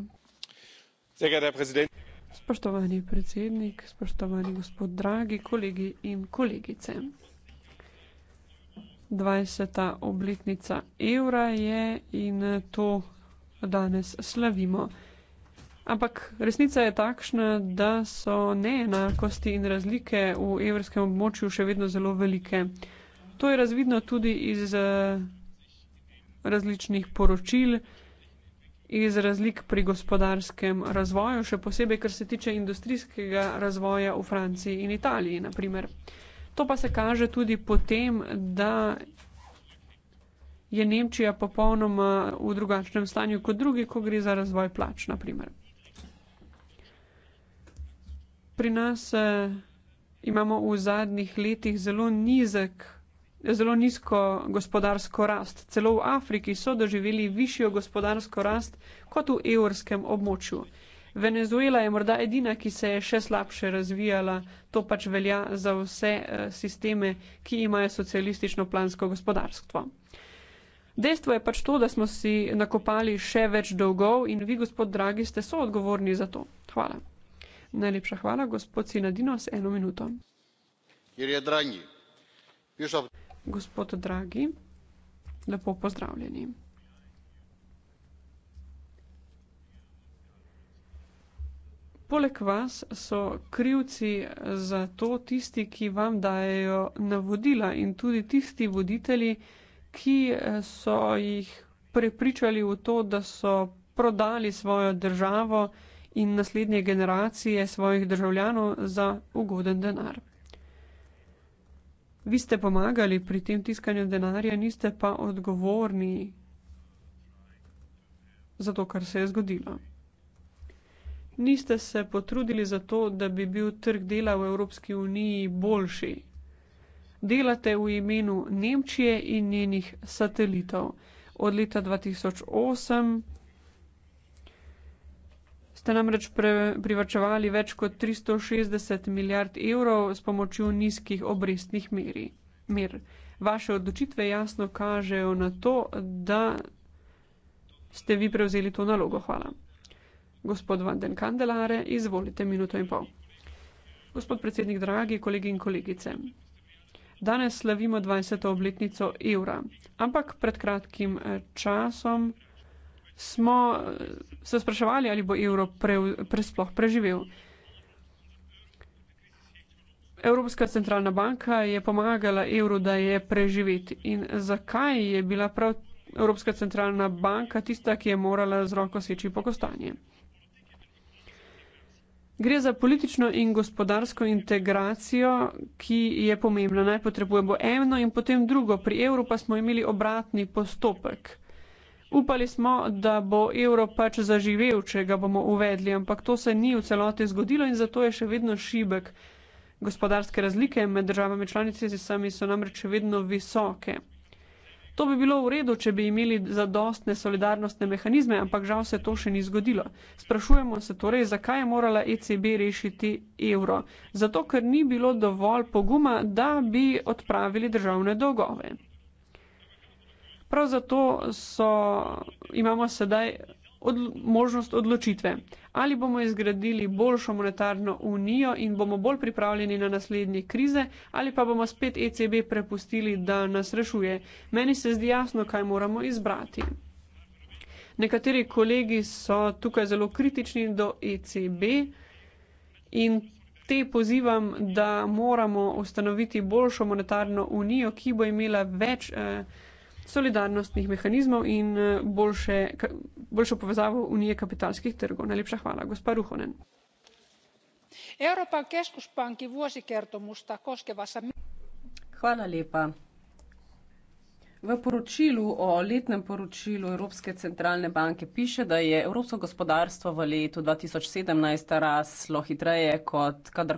Zdaj, Spoštovani predsednik, spoštovani gospod Dragi, kolegi in kolegice. Dvajseta obletnica evra je in to danes slavimo. Ampak resnica je takšna, da so neenakosti in razlike v evrskem območju še vedno zelo velike. To je razvidno tudi iz eh, različnih poročil, iz razlik pri gospodarskem razvoju, še posebej, kar se tiče industrijskega razvoja v Franciji in Italiji, naprimer. To pa se kaže tudi potem, da je Nemčija popolnoma v drugačnem stanju kot drugi, ko gre za razvoj plač, naprimer. Pri nas, eh, imamo v zadnjih letih zelo nizek zelo nizko gospodarsko rast. Celo v Afriki so doživeli višjo gospodarsko rast kot v evrskem območju. Venezuela je morda edina, ki se je še slabše razvijala, to pač velja za vse eh, sisteme, ki imajo socialistično plansko gospodarstvo. Dejstvo je pač to, da smo si nakopali še več dolgov in vi, gospod Dragi, ste soodgovorni za to. Hvala. Najlepša hvala, gospod Sinadino, s eno minuto. Ker je Dragi. Pišal. Gospod Dragi, lepo pozdravljeni. Poleg vas so krivci za to tisti, ki vam dajejo navodila in tudi tisti voditelji, ki eh, so jih prepričali v to, da so prodali svojo državo in naslednje generacije svojih državljanov za ugoden denar. Vi ste pomagali pri tem tiskanju denarja, niste pa odgovorni za to, kar se je zgodilo. Niste se potrudili za to, da bi bil trg dela v Evropski uniji boljši. Delate v imenu Nemčije in njenih satelitov. Od leta 2008 ste namreč privrčevali več kot 360 milijard evrov s pomočjo nizkih obrestnih meri. mer. Vaše odločitve jasno kažejo na to, da ste vi prevzeli to nalogo. Hvala. Gospod Vanden Kandelare, izvolite minuto in pol. Gospod predsednik, dragi kolegi in kolegice, danes slavimo 20. obletnico evra, ampak pred kratkim časom smo eh, se spraševali, ali bo evro pre, presploh preživel. Evropska centralna banka je pomagala evru, da je preživet. In zakaj je bila prav Evropska centralna banka tista, ki je morala z roko seči po kostanje? Gre za politično in gospodarsko integracijo, ki je pomembna. Najpotrebujemo eno in potem drugo. Pri evru pa smo imeli obratni postopek. Upali smo, da bo evro pač zaživel, če ga bomo uvedli, ampak to se ni v celoti zgodilo in zato je še vedno šibek. Gospodarske razlike med državami članicami so namreč še vedno visoke. To bi bilo v redu, če bi imeli zadostne solidarnostne mehanizme, ampak žal se to še ni zgodilo. Sprašujemo se torej, zakaj je morala ECB rešiti evro? Zato, ker ni bilo dovolj poguma, da bi odpravili državne dolgove. Prav zato so, imamo sedaj od, možnost odločitve, ali bomo izgradili boljšo monetarno unijo in bomo bolj pripravljeni na naslednje krize, ali pa bomo spet ECB prepustili, da nas rešuje. Meni se zdi jasno, kaj moramo izbrati. Nekateri kolegi so tukaj zelo kritični do ECB in te pozivam, da moramo ustanoviti boljšo monetarno unijo, ki bo imela več. Eh, solidarnostnih mehanizmov in eh, boljše, boljšo povezavo unije kapitalskih trgov. Najlepša hvala, gospa Ruhonen. Hvala lepa. V poročilu o letnem poročilu Evropske centralne banke piše, da je evropsko gospodarstvo v letu dva tisoč sedemnajst raslo hitreje kot kadar